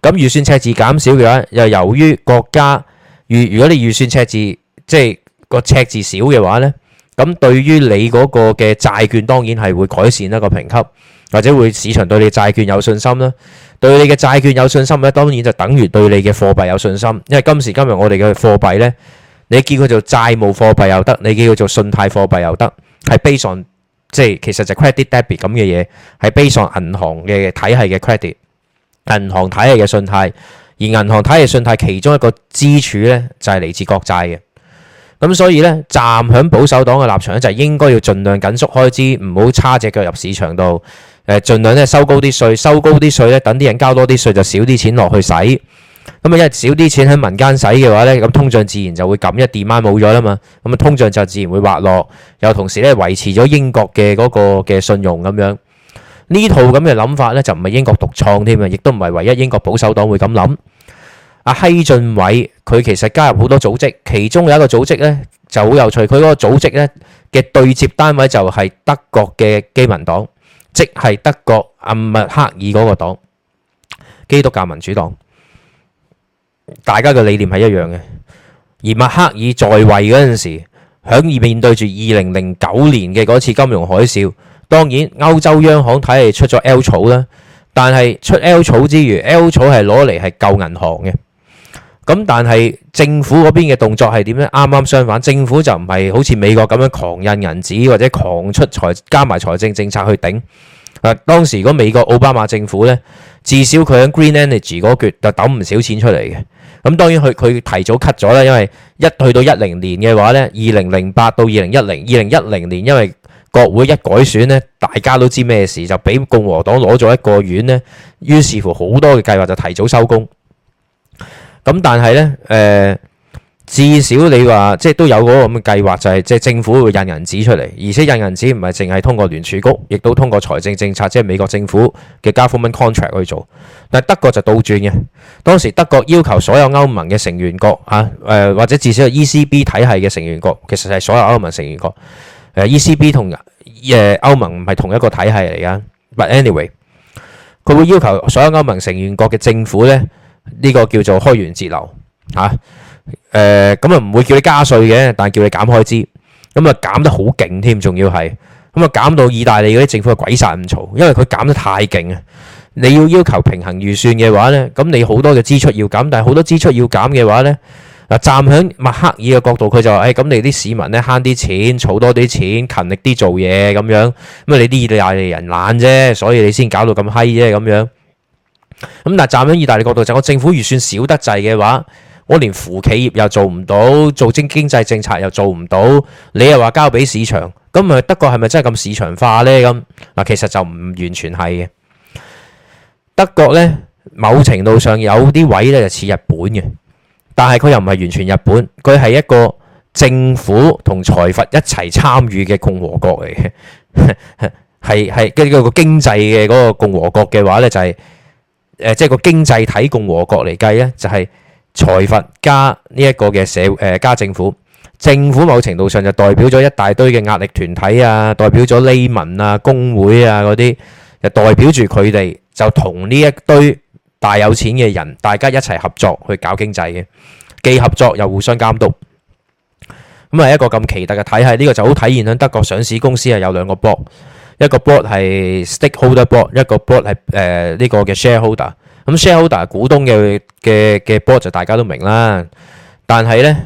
咁預算赤字減少嘅話，又由於國家預如果你預算赤字即係個赤字少嘅話咧。咁對於你嗰個嘅債券，當然係會改善一個評級，或者會市場對你嘅債券有信心啦。對你嘅債券有信心咧，當然就等於對你嘅貨幣有信心。因為今時今日我哋嘅貨幣咧，你叫佢做債務貨幣又得，你叫佢做信貸貨幣又得，係 based 即係其實就 credit debit 咁嘅嘢，係 based on 銀行嘅體系嘅 credit，銀行體系嘅信貸，而銀行體系信貸，行信貸其中一個支柱咧就係、是、嚟自國債嘅。咁所以呢，站喺保守黨嘅立場咧，就係應該要盡量緊縮開支，唔好叉隻腳入市場度。誒，盡量咧收高啲稅，收高啲稅咧，等啲人交多啲稅，就少啲錢落去使。咁啊，一少啲錢喺民間使嘅話呢，咁通脹自然就會減一墊，媽冇咗啦嘛。咁啊，通脹就自然會滑落，又同時咧維持咗英國嘅嗰個嘅信用咁樣。呢套咁嘅諗法呢，就唔係英國獨創添啊，亦都唔係唯一英國保守黨會咁諗。阿希俊偉佢其實加入好多組織，其中有一個組織咧就好有趣。佢嗰個組織咧嘅對接單位就係德國嘅基民黨，即係德國阿默克爾嗰個黨，基督教民主黨。大家嘅理念係一樣嘅。而默克爾在位嗰陣時，響而面對住二零零九年嘅嗰次金融海嘯，當然歐洲央行睇嚟出咗 L 草啦，但係出 L 草之餘，L 草係攞嚟係救銀行嘅。咁但係政府嗰邊嘅動作係點咧？啱啱相反，政府就唔係好似美國咁樣狂印銀紙或者狂出財加埋財政政策去頂。啊，當時個美國奧巴馬政府呢，至少佢喺 Green Energy 嗰橛就抌唔少錢出嚟嘅。咁、啊、當然佢佢提早 cut 咗啦，因為一去到一零年嘅話呢，二零零八到二零一零，二零一零年因為國會一改選呢，大家都知咩事就俾共和黨攞咗一個院呢。於是乎好多嘅計劃就提早收工。咁但係呢，誒至少你話即係都有嗰個咁嘅計劃，就係即係政府會印銀紙出嚟，而且印銀紙唔係淨係通過聯儲局，亦都通過財政政策，即係美國政府嘅 government contract 去做。但德國就倒轉嘅，當時德國要求所有歐盟嘅成員國嚇，誒、啊、或者至少係 ECB 體系嘅成員國，其實係所有歐盟成員國。啊、ECB 同誒歐盟唔係同一個體系嚟㗎，but anyway，佢會要求所有歐盟成員國嘅政府呢。呢個叫做開源節流吓，誒咁啊唔、呃、會叫你加稅嘅，但係叫你減開支，咁啊減得好勁添，仲要係咁啊減到意大利嗰啲政府鬼殺咁嘈，因為佢減得太勁啊！你要要求平衡預算嘅話咧，咁你好多嘅支出要減，但係好多支出要減嘅話咧，嗱站響默克爾嘅角度，佢就話誒咁、欸、你啲市民咧慳啲錢，儲多啲錢，勤力啲做嘢咁樣，咁啊你啲意大利人懶啫，所以你先搞到咁嗨啫咁樣。咁嗱，但站喺意大利角度就我政府預算少得滯嘅話，我連扶企業又做唔到，做經經濟政策又做唔到。你又話交俾市場，咁啊？德國係咪真係咁市場化呢？咁嗱，其實就唔完全係嘅。德國呢，某程度上有啲位呢，就似日本嘅，但係佢又唔係完全日本，佢係一個政府同財閥一齊參與嘅共和國嚟嘅，係係跟住個經濟嘅嗰個共和國嘅話呢，就係、是。誒，即係個經濟體共和國嚟計呢，就係、是、財閥加呢一個嘅社加政府。政府某程度上就代表咗一大堆嘅壓力團體啊，代表咗僞民啊、工會啊嗰啲，就代表住佢哋就同呢一堆大有錢嘅人，大家一齊合作去搞經濟嘅，既合作又互相監督。咁啊，一個咁奇特嘅體系，呢、這個就好體現喺德國上市公司係有兩個博。一個 board 係 stakeholder board，一個 board 係誒呢個嘅 shareholder。咁 shareholder 股東嘅嘅嘅 board 就大家都明啦。但係咧，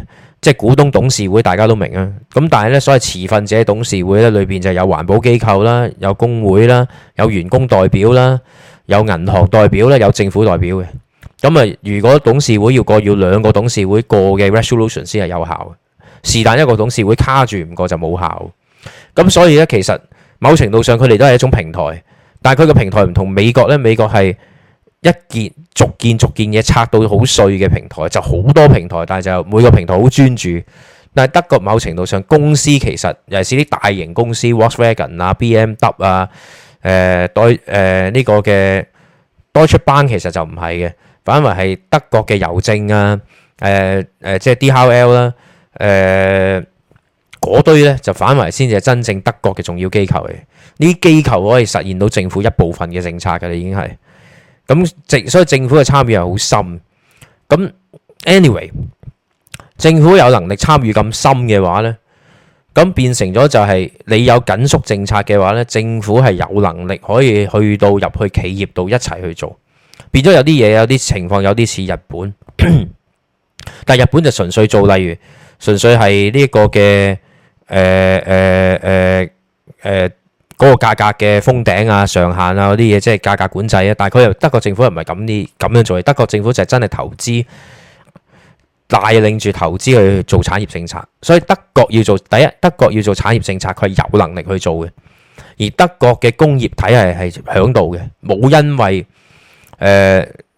即係股東董事會大家都明啊。咁但係咧，所謂持份者董事會咧，裏邊就有環保機構啦，有工會啦，有員工代表啦，有銀行代表啦，有政府代表嘅。咁啊，如果董事會要過要兩個董事會過嘅 resolution 先係有效嘅，是但一個董事會卡住唔過就冇效。咁所以咧，其實。某程度上，佢哋都係一種平台，但係佢個平台唔同。美國咧，美國係一件逐件逐件嘢拆到好碎嘅平台，就好多平台，但係就每個平台好專注。但係德國某程度上，公司其實尤其是啲大型公司，Volkswagen 啊、BMW 啊、誒多誒呢個嘅 Deutsche Bahn，其實就唔係嘅，反為係德國嘅郵政啊、誒誒即係 DHL 啦、誒。嗰堆咧就反為先至係真正德國嘅重要機構嚟，呢啲機構可以實現到政府一部分嘅政策嘅啦，已經係咁，直所以政府嘅參與係好深。咁 anyway，政府有能力參與咁深嘅話呢，咁變成咗就係你有緊縮政策嘅話呢，政府係有能力可以去到入去企業度一齊去做，變咗有啲嘢有啲情況有啲似日本， *coughs* 但日本就純粹做，例如純粹係呢一個嘅。誒誒誒誒，嗰個價格嘅封頂啊、上限啊嗰啲嘢，即係價格管制啊。但係佢又德國政府又唔係咁啲咁樣做嘅，德國政府就真係投資帶領住投資去做產業政策。所以德國要做第一，德國要做產業政策，佢係有能力去做嘅。而德國嘅工業體系係響度嘅，冇因為誒。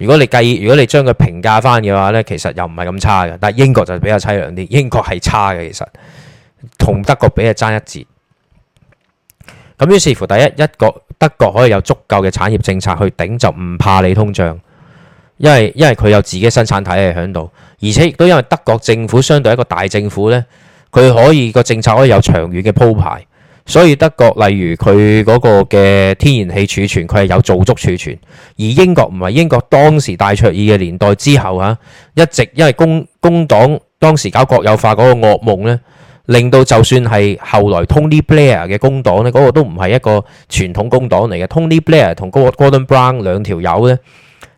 如果你計，如果你將佢評價翻嘅話，呢其實又唔係咁差嘅。但係英國就比較凄涼啲，英國係差嘅。其實同德國比係爭一截。咁，於是乎第一一個德國可以有足夠嘅產業政策去頂，就唔怕你通脹，因為因為佢有自己嘅生產體係喺度，而且亦都因為德國政府相對一個大政府，呢佢可以個政策可以有長遠嘅鋪排。所以德國例如佢嗰個嘅天然氣儲存，佢係有做足儲存；而英國唔係，英國當時戴卓爾嘅年代之後啊，一直因為工工黨當時搞國有化嗰個惡夢咧，令到就算係後來 Tony Blair 嘅工黨咧，嗰個都唔係一個傳統工黨嚟嘅。Tony Blair 同嗰個 Gordon Brown 兩條友咧，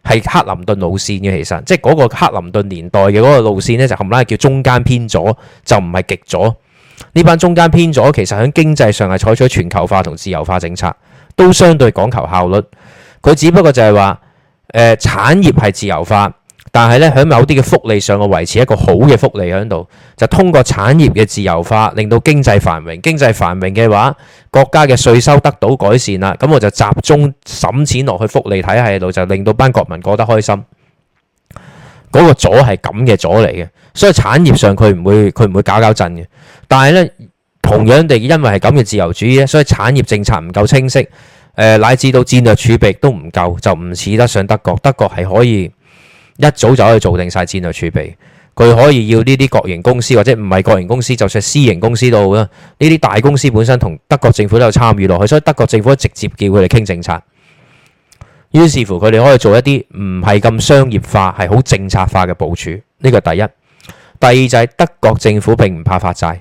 係克林頓路線嘅，其實即係嗰個克林頓年代嘅嗰個路線咧，就冚 𠰤 係叫中間偏左，就唔係極左。呢班中間偏左，其實喺經濟上係採取全球化同自由化政策，都相對講求效率。佢只不過就係話，誒、呃、產業係自由化，但係咧喺某啲嘅福利上，我維持一個好嘅福利喺度，就通過產業嘅自由化，令到經濟繁榮。經濟繁榮嘅話，國家嘅稅收得到改善啦，咁我就集中審錢落去福利體系度，就令到班國民過得開心。嗰、那個左係咁嘅左嚟嘅，所以產業上佢唔會佢唔會搞搞震嘅。但係咧，同樣地，因為係咁嘅自由主義咧，所以產業政策唔夠清晰，誒、乃至到戰略儲備都唔夠，就唔似得上德國。德國係可以一早就可以做定晒戰略儲備，佢可以要呢啲國營公司或者唔係國營公司，就算私營公司都好啦。呢啲大公司本身同德國政府都有參與落去，所以德國政府直接叫佢哋傾政策，於是乎佢哋可以做一啲唔係咁商業化，係好政策化嘅部署。呢個第一，第二就係德國政府並唔怕發債。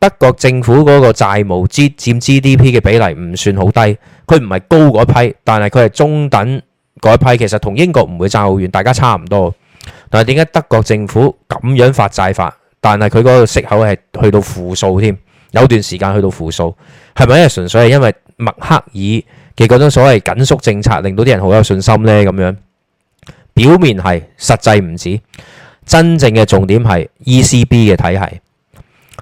德國政府嗰個債務佔 GDP 嘅比例唔算好低，佢唔係高嗰批，但係佢係中等嗰批。其實同英國唔會爭好遠，大家差唔多。但係點解德國政府咁樣發債法，但係佢嗰個息口係去到負數添？有段時間去到負數，係咪因為純粹係因為默克爾嘅嗰種所謂緊縮政策，令到啲人好有信心呢？咁樣表面係，實際唔止。真正嘅重點係 ECB 嘅體系。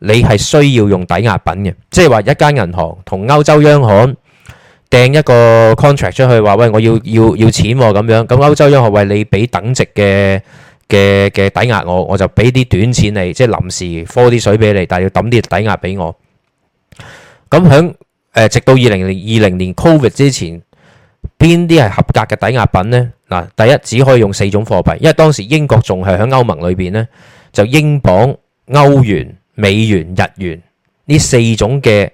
你係需要用抵押品嘅，即係話一間銀行同歐洲央行掟一個 contract 出去，話喂，我要要要錢喎咁樣咁。歐洲央行喂，你俾等值嘅嘅嘅抵押我，我就俾啲短錢你，即係臨時 call 啲水俾你，但係要揼啲抵押俾我。咁響誒，直到二零零二零年 covid 之前，邊啲係合格嘅抵押品咧？嗱，第一，只可以用四種貨幣，因為當時英國仲係喺歐盟裏邊咧，就英鎊、歐元。美元、日元呢四種嘅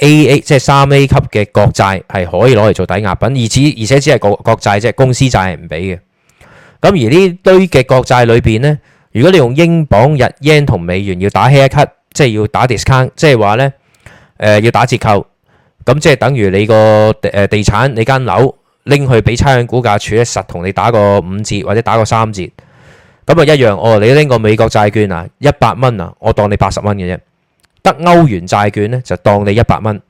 A A 即係三 A 級嘅國債係可以攞嚟做抵押品，而只而且只係國國債啫，公司債係唔俾嘅。咁而呢堆嘅國債裏邊呢，如果你用英鎊、日英同美元要打 haircut，即係要打 discount，即係話呢，誒、呃、要打折扣，咁即係等於你個誒地產你間樓拎去俾差餉估價處咧，實同你打個五折或者打個三折。咁啊，一樣哦！你拎個美國債券啊，一百蚊啊，我當你八十蚊嘅啫。得歐元債券呢，就當你一百蚊。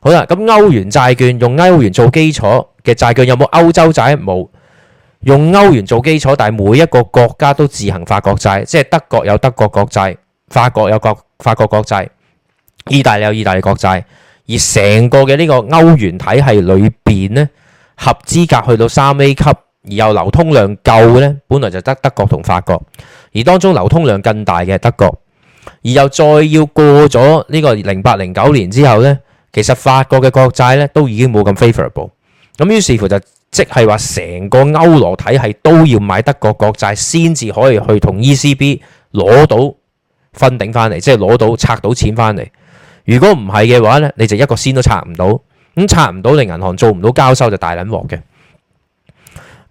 好啦，咁歐元債券用歐元做基礎嘅債券有冇歐洲債？冇。用歐元做基礎，但係每一個國家都自行發國債，即係德國有德國國債，法國有國法國國債，意大利有意大利國債。而成個嘅呢個歐元體系裏邊呢，合資格去到三 A 級。而又流通量夠嘅咧，本來就得德國同法國，而當中流通量更大嘅德國，而又再要過咗呢個零八零九年之後咧，其實法國嘅國債咧都已經冇咁 favorable，咁於是乎就即係話成個歐羅體系都要買德國國債先至可以去同 ECB 攞到分頂翻嚟，即係攞到拆到錢翻嚟。如果唔係嘅話咧，你就一個先都拆唔到，咁拆唔到你銀行做唔到交收就大撚鑊嘅。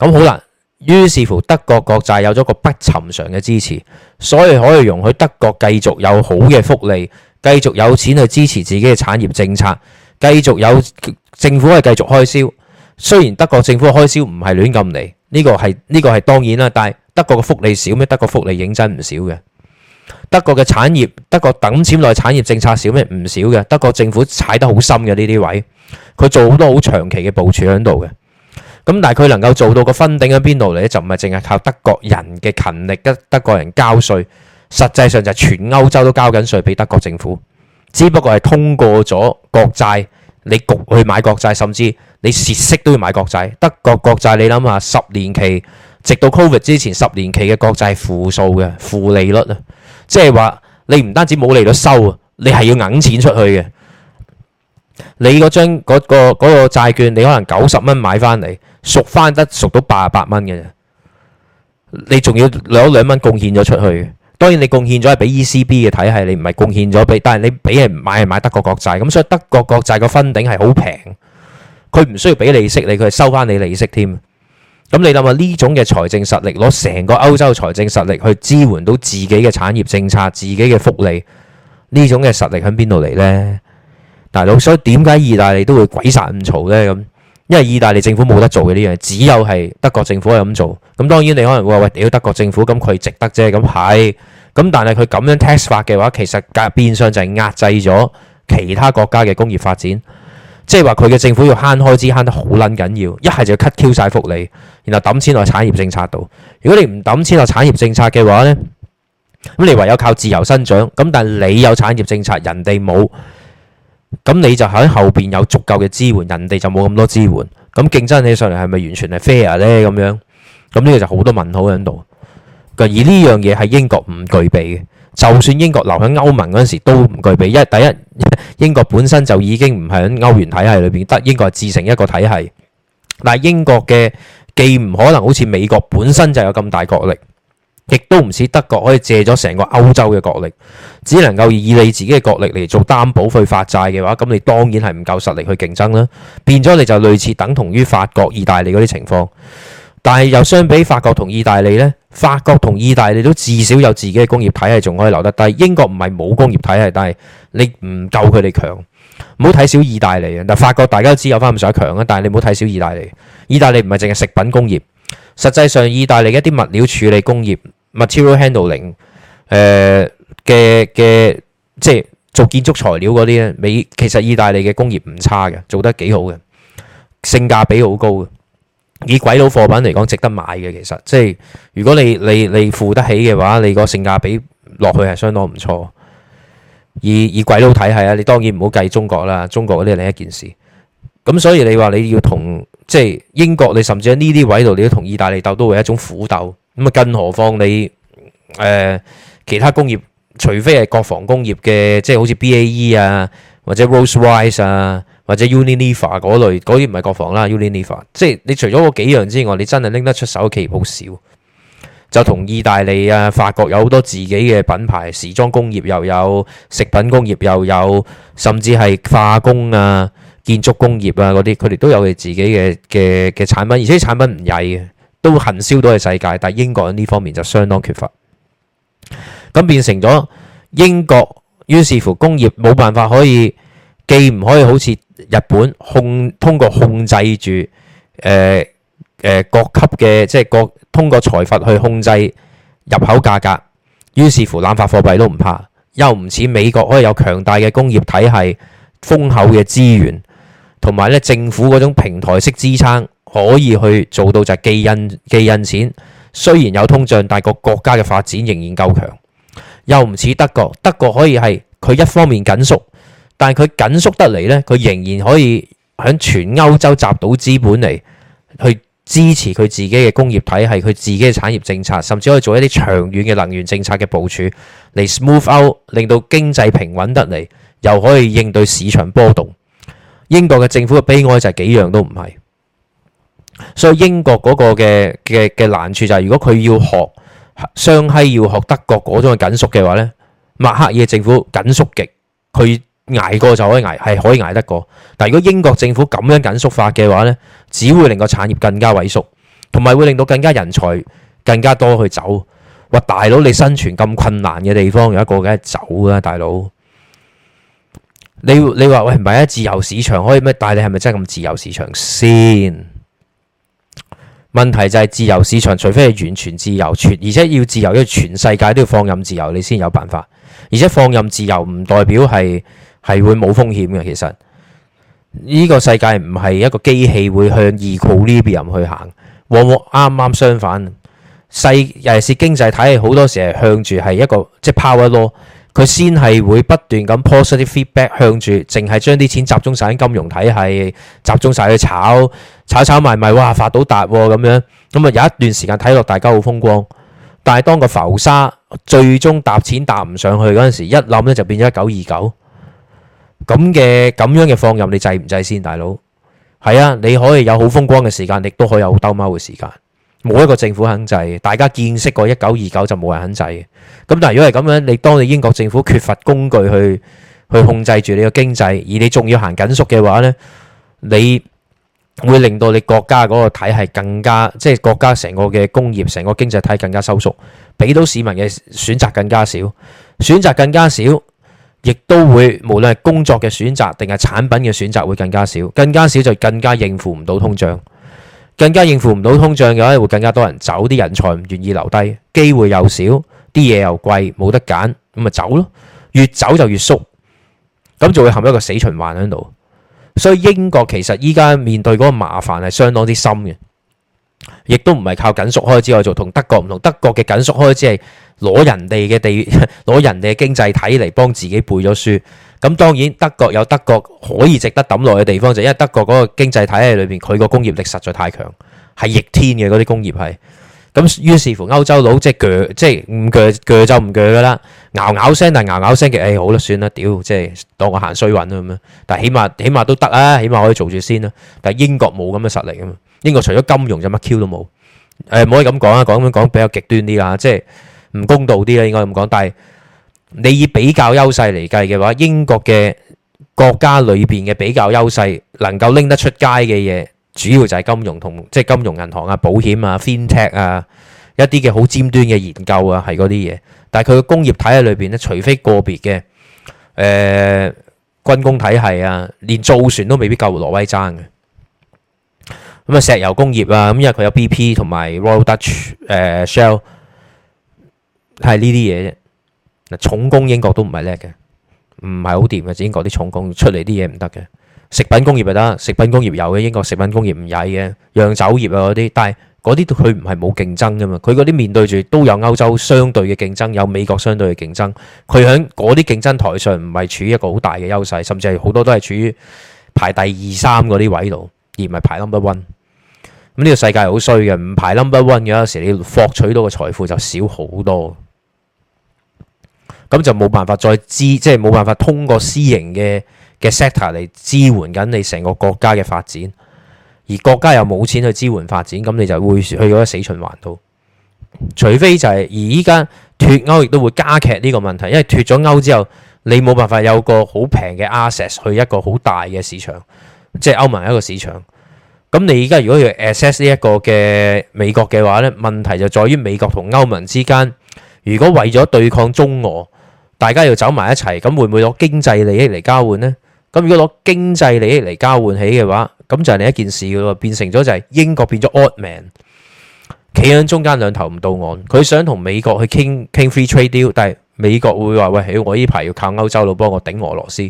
咁好啦，於是乎德國國債有咗個不尋常嘅支持，所以可以容許德國繼續有好嘅福利，繼續有錢去支持自己嘅產業政策，繼續有政府係繼續開銷。雖然德國政府開銷唔係亂咁嚟，呢個係呢個係當然啦。但係德國嘅福利少咩？德國福利認真唔少嘅。德國嘅產業，德國等錢內產業政策少咩？唔少嘅。德國政府踩得好深嘅呢啲位，佢做好多好長期嘅部署喺度嘅。咁但係佢能夠做到個分頂喺邊度呢？就唔係淨係靠德國人嘅勤力，德德國人交稅，實際上就係全歐洲都交緊稅俾德國政府，只不過係通過咗國債，你焗去買國債，甚至你蝕息都要買國債。德國國債你諗下，十年期直到 Covid 之前，十年期嘅國債係負數嘅負利率啊！即係話你唔單止冇利率收啊，你係要揞錢出去嘅。你嗰張嗰、嗰個嗰個債券，你可能九十蚊買翻嚟。贖翻得贖到八十八蚊嘅啫，你仲要攞兩蚊貢獻咗出去。當然你貢獻咗係俾 E C B 嘅體系，你唔係貢獻咗俾，但係你俾人買係買德國國債咁，所以德國國債個分頂係好平，佢唔需要俾利息你，佢係收翻你利息添。咁你諗下呢種嘅財政實力，攞成個歐洲財政實力去支援到自己嘅產業政策、自己嘅福利呢種嘅實力喺邊度嚟呢？大佬，所以點解意大利都會鬼殺咁嘈呢？咁。因為意大利政府冇得做嘅呢樣，只有係德國政府係咁做。咁當然你可能會話喂，屌德國政府咁佢值得啫。咁係，咁但係佢咁樣 tax 法嘅話，其實變相就係壓制咗其他國家嘅工業發展。即係話佢嘅政府要慳開支慳得好捻緊要，一係就要 cut 掉晒福利，然後抌錢落產業政策度。如果你唔抌錢落產業政策嘅話呢，咁你唯有靠自由生長。咁但係你有產業政策，人哋冇。咁你就喺後邊有足夠嘅支援，人哋就冇咁多支援。咁競爭起上嚟係咪完全係 fair 咧？咁樣咁呢個就好多問號喺度。咁而呢樣嘢係英國唔具備嘅，就算英國留喺歐盟嗰陣時都唔具備。因為第一，英國本身就已經唔喺歐元體系裏邊，得英國係自成一個體系。但係英國嘅既唔可能好似美國本身就有咁大國力。亦都唔似德國可以借咗成個歐洲嘅國力，只能夠以你自己嘅國力嚟做擔保去發債嘅話，咁你當然係唔夠實力去競爭啦。變咗你就類似等同於法國、意大利嗰啲情況。但係又相比法國同意大利呢，法國同意大利都至少有自己嘅工業體系，仲可以留得低。但英國唔係冇工業體系，但係你唔夠佢哋強。唔好睇小意大利啊！嗱，法國大家都知有翻咁上下強啊，但係你唔好睇小意大利。意大利唔係淨係食品工業。實際上，意大利一啲物料處理工業 （material handling） 誒嘅嘅，即係做建築材料嗰啲咧，美其實意大利嘅工業唔差嘅，做得幾好嘅，性價比好高嘅。以鬼佬貨品嚟講，值得買嘅，其實即係如果你你你付得起嘅話，你個性價比落去係相當唔錯。以以鬼佬睇係啊，你當然唔好計中國啦，中國嗰啲係另一件事。咁所以你話你要同即係英國，你甚至喺呢啲位度，你都同意大利鬥都會係一種苦鬥。咁啊，更何況你誒、呃、其他工業，除非係國防工業嘅，即係好似 BAE 啊，或者 Rolls-Royce 啊，或者 Unilever 嗰類，嗰啲唔係國防啦。Unilever 即係你除咗嗰幾樣之外，你真係拎得出手嘅企業好少，就同意大利啊、法國有好多自己嘅品牌，時裝工業又有食品工業又有，甚至係化工啊。建築工業啊嗰啲，佢哋都有佢自己嘅嘅嘅產品，而且啲產品唔曳嘅，都行銷到去世界。但係英國呢方面就相當缺乏，咁變成咗英國，於是乎工業冇辦法可以既，唔可以好似日本控、通過控制住誒、誒、國級嘅，即係各通過財閥去控制入口價格，於是乎濫發貨幣都唔怕，又唔似美國可以有強大嘅工業體系、豐厚嘅資源。同埋咧，政府嗰種平台式支撐可以去做到就係寄印寄印錢。雖然有通脹，但個國家嘅發展仍然夠強。又唔似德國，德國可以係佢一方面緊縮，但係佢緊縮得嚟咧，佢仍然可以喺全歐洲集到資本嚟去支持佢自己嘅工業體系、佢自己嘅產業政策，甚至可以做一啲長遠嘅能源政策嘅部署嚟 smooth out，令到經濟平穩得嚟，又可以應對市場波動。英國嘅政府嘅悲哀就係幾樣都唔係，所以英國嗰個嘅嘅嘅難處就係，如果佢要學雙軒要學德國嗰種嘅緊縮嘅話咧，默克爾政府緊縮極，佢捱過就可以捱，係可以捱得過。但係如果英國政府咁樣緊縮法嘅話咧，只會令個產業更加萎縮，同埋會令到更加人才更加多去走。哇！大佬你生存咁困難嘅地方有一個梗係走啦，大佬。你你話，喂，唔係啊，自由市場可以咩？但你係咪真係咁自由市場先？問題就係自由市場，除非係完全自由，全而且要自由要全世界都要放任自由，你先有辦法。而且放任自由唔代表係係會冇風險嘅。其實呢個世界唔係一個機器會向 equilibrium 呢邊去行，往往啱啱相反。世尤其是經濟體，好多時係向住係一個即係 power law。佢先係會不斷咁 positive feedback 向住，淨係將啲錢集中晒喺金融體系，集中晒去炒，炒炒埋埋，哇發到達咁、喎、樣。咁啊有一段時間睇落大家好風光，但係當個浮沙最終搭錢搭唔上去嗰陣時，一冧咧就變咗一九二九咁嘅咁樣嘅放任，你制唔制先，大佬？係啊，你可以有好風光嘅時間，亦都可以有兜踎嘅時間。冇一個政府肯制，大家見識過一九二九就冇人肯制嘅。咁但係如果係咁樣，你當你英國政府缺乏工具去去控制住你個經濟，而你仲要行緊縮嘅話呢，你會令到你國家嗰個體系更加，即係國家成個嘅工業、成個經濟體更加收縮，俾到市民嘅選擇更加少，選擇更加少，亦都會無論係工作嘅選擇定係產品嘅選擇會更加少，更加少就更加應付唔到通脹。更加應付唔到通脹嘅話，會更加多人走，啲人才唔願意留低，機會又少，啲嘢又貴，冇得揀，咁咪走咯，越走就越縮，咁就會陷入一個死循環喺度。所以英國其實依家面對嗰個麻煩係相當之深嘅，亦都唔係靠緊縮開支去做，同德國唔同，德國嘅緊縮開支係攞人哋嘅地，攞人哋嘅經濟體嚟幫自己背咗書。咁當然德國有德國可以值得抌落嘅地方，就因為德國嗰個經濟體系裏邊，佢個工業力實在太強，係逆天嘅嗰啲工業係。咁於是乎歐洲佬即係鋸，即係唔鋸鋸就唔鋸㗎喇，咬咬聲但係咬咬聲嘅，誒好啦，算啦，屌，即係當我行衰運啊咁樣。但係起碼起碼都得啊，起碼可以做住先啦。但係英國冇咁嘅實力啊嘛，英國除咗金融就乜 Q 都冇。誒唔可以咁講啊，講咁樣講比較極端啲啦，即係唔公道啲啦，應該咁講，但係。你以比較優勢嚟計嘅話，英國嘅國家裏邊嘅比較優勢能夠拎得出街嘅嘢，主要就係金融同即係金融銀行啊、保險啊、FinTech 啊一啲嘅好尖端嘅研究啊，係嗰啲嘢。但係佢嘅工業體系裏邊咧，除非個別嘅誒軍工體系啊，連造船都未必夠挪威爭嘅。咁啊，石油工業啊，咁因為佢有 BP 同埋 Royal Dutch 誒 Shell 係呢啲嘢啫。嗱，重工英國都唔係叻嘅，唔係好掂嘅。英國啲重工出嚟啲嘢唔得嘅，食品工業咪得，食品工業有嘅。英國食品工業唔曳嘅，釀酒業啊嗰啲，但係嗰啲佢唔係冇競爭噶嘛，佢嗰啲面對住都有歐洲相對嘅競爭，有美國相對嘅競爭。佢喺嗰啲競爭台上唔係處於一個好大嘅優勢，甚至係好多都係處於排第二三嗰啲位度，而唔係排 number one。咁呢個世界好衰嘅，唔排 number one 嘅，有時你獲取到嘅財富就少好多。咁就冇辦法再支，即係冇辦法通過私營嘅嘅 sector 嚟支援緊你成個國家嘅發展，而國家又冇錢去支援發展，咁你就會去嗰個死循環度。除非就係、是、而依家脫歐，亦都會加劇呢個問題，因為脫咗歐之後，你冇辦法有個好平嘅 access 去一個好大嘅市場，即係歐盟一個市場。咁你而家如果要 access 呢一個嘅美國嘅話呢，問題就在於美國同歐盟之間，如果為咗對抗中俄。大家要走埋一齊，咁會唔會攞經濟利益嚟交換呢？咁如果攞經濟利益嚟交換起嘅話，咁就另一件事噶咯，變成咗就係英國變咗 odd man，企喺中間兩頭唔到岸。佢想同美國去傾傾 free trade deal，但係美國會話喂，我呢排要靠歐洲佬幫我頂俄羅斯，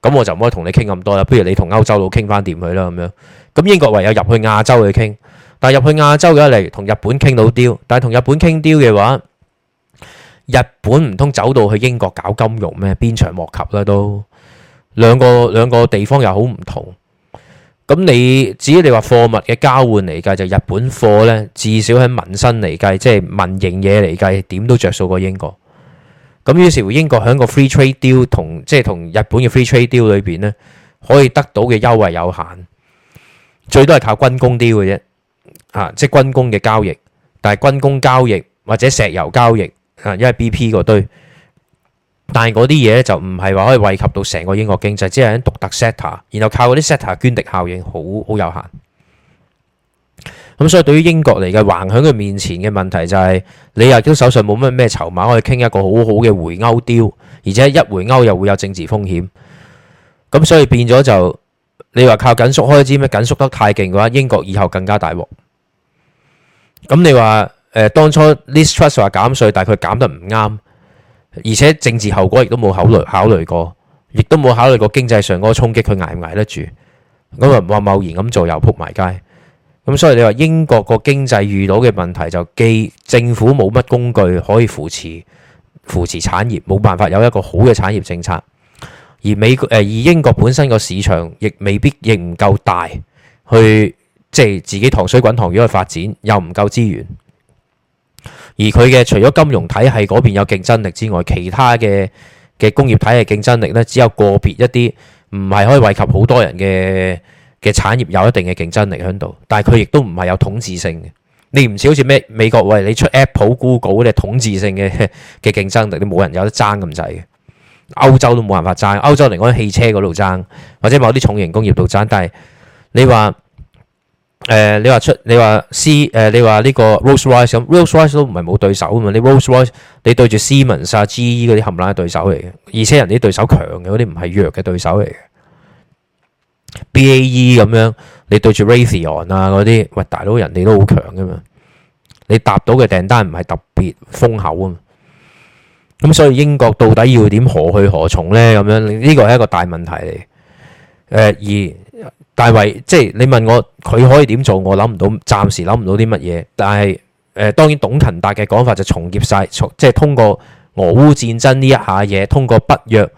咁我就唔可以同你傾咁多啦。不如你同歐洲佬傾翻掂佢啦咁樣。咁英國唯有入去亞洲去傾，但係入去亞洲嘅嚟同日本傾到 deal，但係同日本傾 deal 嘅話。日本唔通走到去英國搞金融咩？鞭長莫及啦，都兩個兩個地方又好唔同。咁你至於你話貨物嘅交換嚟計，就日本貨呢，至少喺民生嚟計，即係民營嘢嚟計，點都著數過英國。咁於是乎，英國喺個 free trade deal 同即係同日本嘅 free trade deal 裏邊呢，可以得到嘅優惠有限，最多係靠軍工 deal 嘅啫，嚇即係軍工嘅交易。但係軍工交易或者石油交易。因為 BP 嗰堆，但係嗰啲嘢就唔係話可以惠及到成個英國經濟，只係喺獨特 sector 然後靠嗰啲 sector 涓滴效應，好好有限。咁所以對於英國嚟嘅橫喺佢面前嘅問題就係，你又都手上冇乜咩籌碼，可以傾一個好好嘅回歐 deal，而且一回歐又會有政治風險。咁所以變咗就，你話靠緊縮開支咩？緊縮得太勁嘅話，英國以後更加大鑊。咁你話？誒，當初 Liz Truss 話減稅，但佢減得唔啱，而且政治後果亦都冇考慮考慮過，亦都冇考慮過經濟上嗰個衝擊，佢捱唔捱得住。咁啊，唔話貿然咁做又仆埋街。咁所以你話英國個經濟遇到嘅問題就既政府冇乜工具可以扶持扶持產業，冇辦法有一個好嘅產業政策。而美國，誒而英國本身個市場亦未必亦唔夠大去，即係自己塘水滾塘魚去發展，又唔夠資源。而佢嘅除咗金融體系嗰邊有競爭力之外，其他嘅嘅工業體系競爭力咧，只有個別一啲唔係可以惠及好多人嘅嘅產業有一定嘅競爭力響度，但係佢亦都唔係有統治性嘅。你唔似好似咩美國喂，你出 Apple、Google 啲統治性嘅嘅競爭力，你冇人有得爭咁滯嘅。歐洲都冇辦法爭，歐洲嚟講汽車嗰度爭，或者某啲重型工業度爭，但係你話。誒、呃，你話出，你話思，誒，你話呢個 Rolls-Royce 咁，Rolls-Royce 都唔係冇對手啊嘛，你 Rolls-Royce 你對住 Siemens 啊、G.E. 嗰啲冚唪唥嘅對手嚟嘅，而且人啲對手強嘅，嗰啲唔係弱嘅對手嚟嘅，B.A.E. 咁樣，你對住 Raytheon 啊嗰啲，喂大佬人哋都好強噶嘛，你答到嘅訂單唔係特別豐厚啊嘛，咁所以英國到底要點何去何從咧？咁樣呢個係一個大問題嚟，誒、呃、而。大偉，即係你問我佢可以點做，我諗唔到，暫時諗唔到啲乜嘢。但係誒、呃，當然董勤達嘅講法就重疊晒，即係通過俄烏戰爭呢一下嘢，通過北約，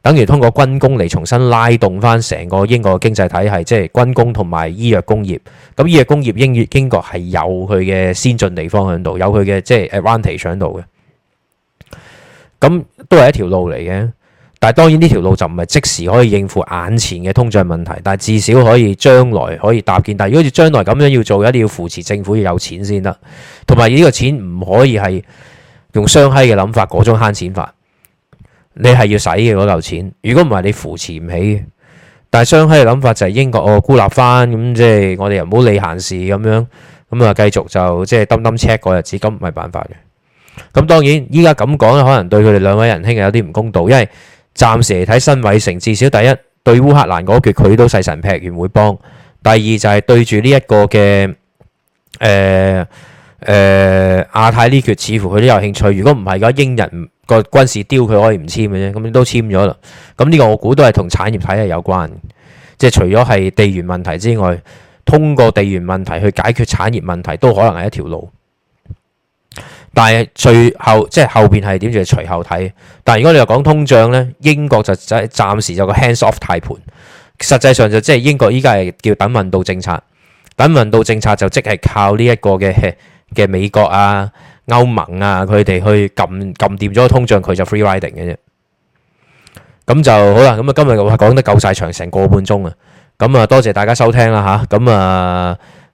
等於通過軍工嚟重新拉動翻成個英國嘅經濟體系，即係軍工同埋醫藥工業。咁醫藥工業英國英國係有佢嘅先進地方喺度，有佢嘅即係誒 advantage 喺度嘅。咁都係一條路嚟嘅。但係當然呢條路就唔係即時可以應付眼前嘅通脹問題，但係至少可以將來可以搭建。但係如果要將來咁樣要做，一定要扶持政府要有錢先得，同埋呢個錢唔可以係用雙嘿嘅諗法嗰種慳錢法，你係要使嘅嗰嚿錢。如果唔係你扶持唔起嘅。但係雙嘿嘅諗法就係英國哦孤立翻咁，即係我哋又唔好理閒事咁樣咁啊，繼續就即係掟掟 check 日子咁，唔係辦法嘅。咁當然依家咁講，可能對佢哋兩位仁兄有啲唔公道，因為。暫時嚟睇辛偉誠，至少第一，對烏克蘭嗰決，佢都細神劈完會幫。第二就係對住呢一個嘅誒誒亞太呢決，似乎佢都有興趣。如果唔係嘅話，英日個軍事 deal 佢可以唔簽嘅啫。咁都簽咗啦。咁呢個我估都係同產業體系有關，即係除咗係地緣問題之外，通過地緣問題去解決產業問題都可能係一條路。但係最後即係後邊係點？住隨後睇。但係如果你又講通脹咧，英國就暫時有個 hands off 態度。實際上就即係英國依家係叫等運到政策。等運到政策就即係靠呢一個嘅嘅美國啊、歐盟啊，佢哋去撳撳掂咗通脹，佢就 free riding 嘅啫。咁就好啦。咁啊，今日我係講得夠晒長，成個半鐘啊。咁啊，多謝大家收聽啦嚇。咁啊～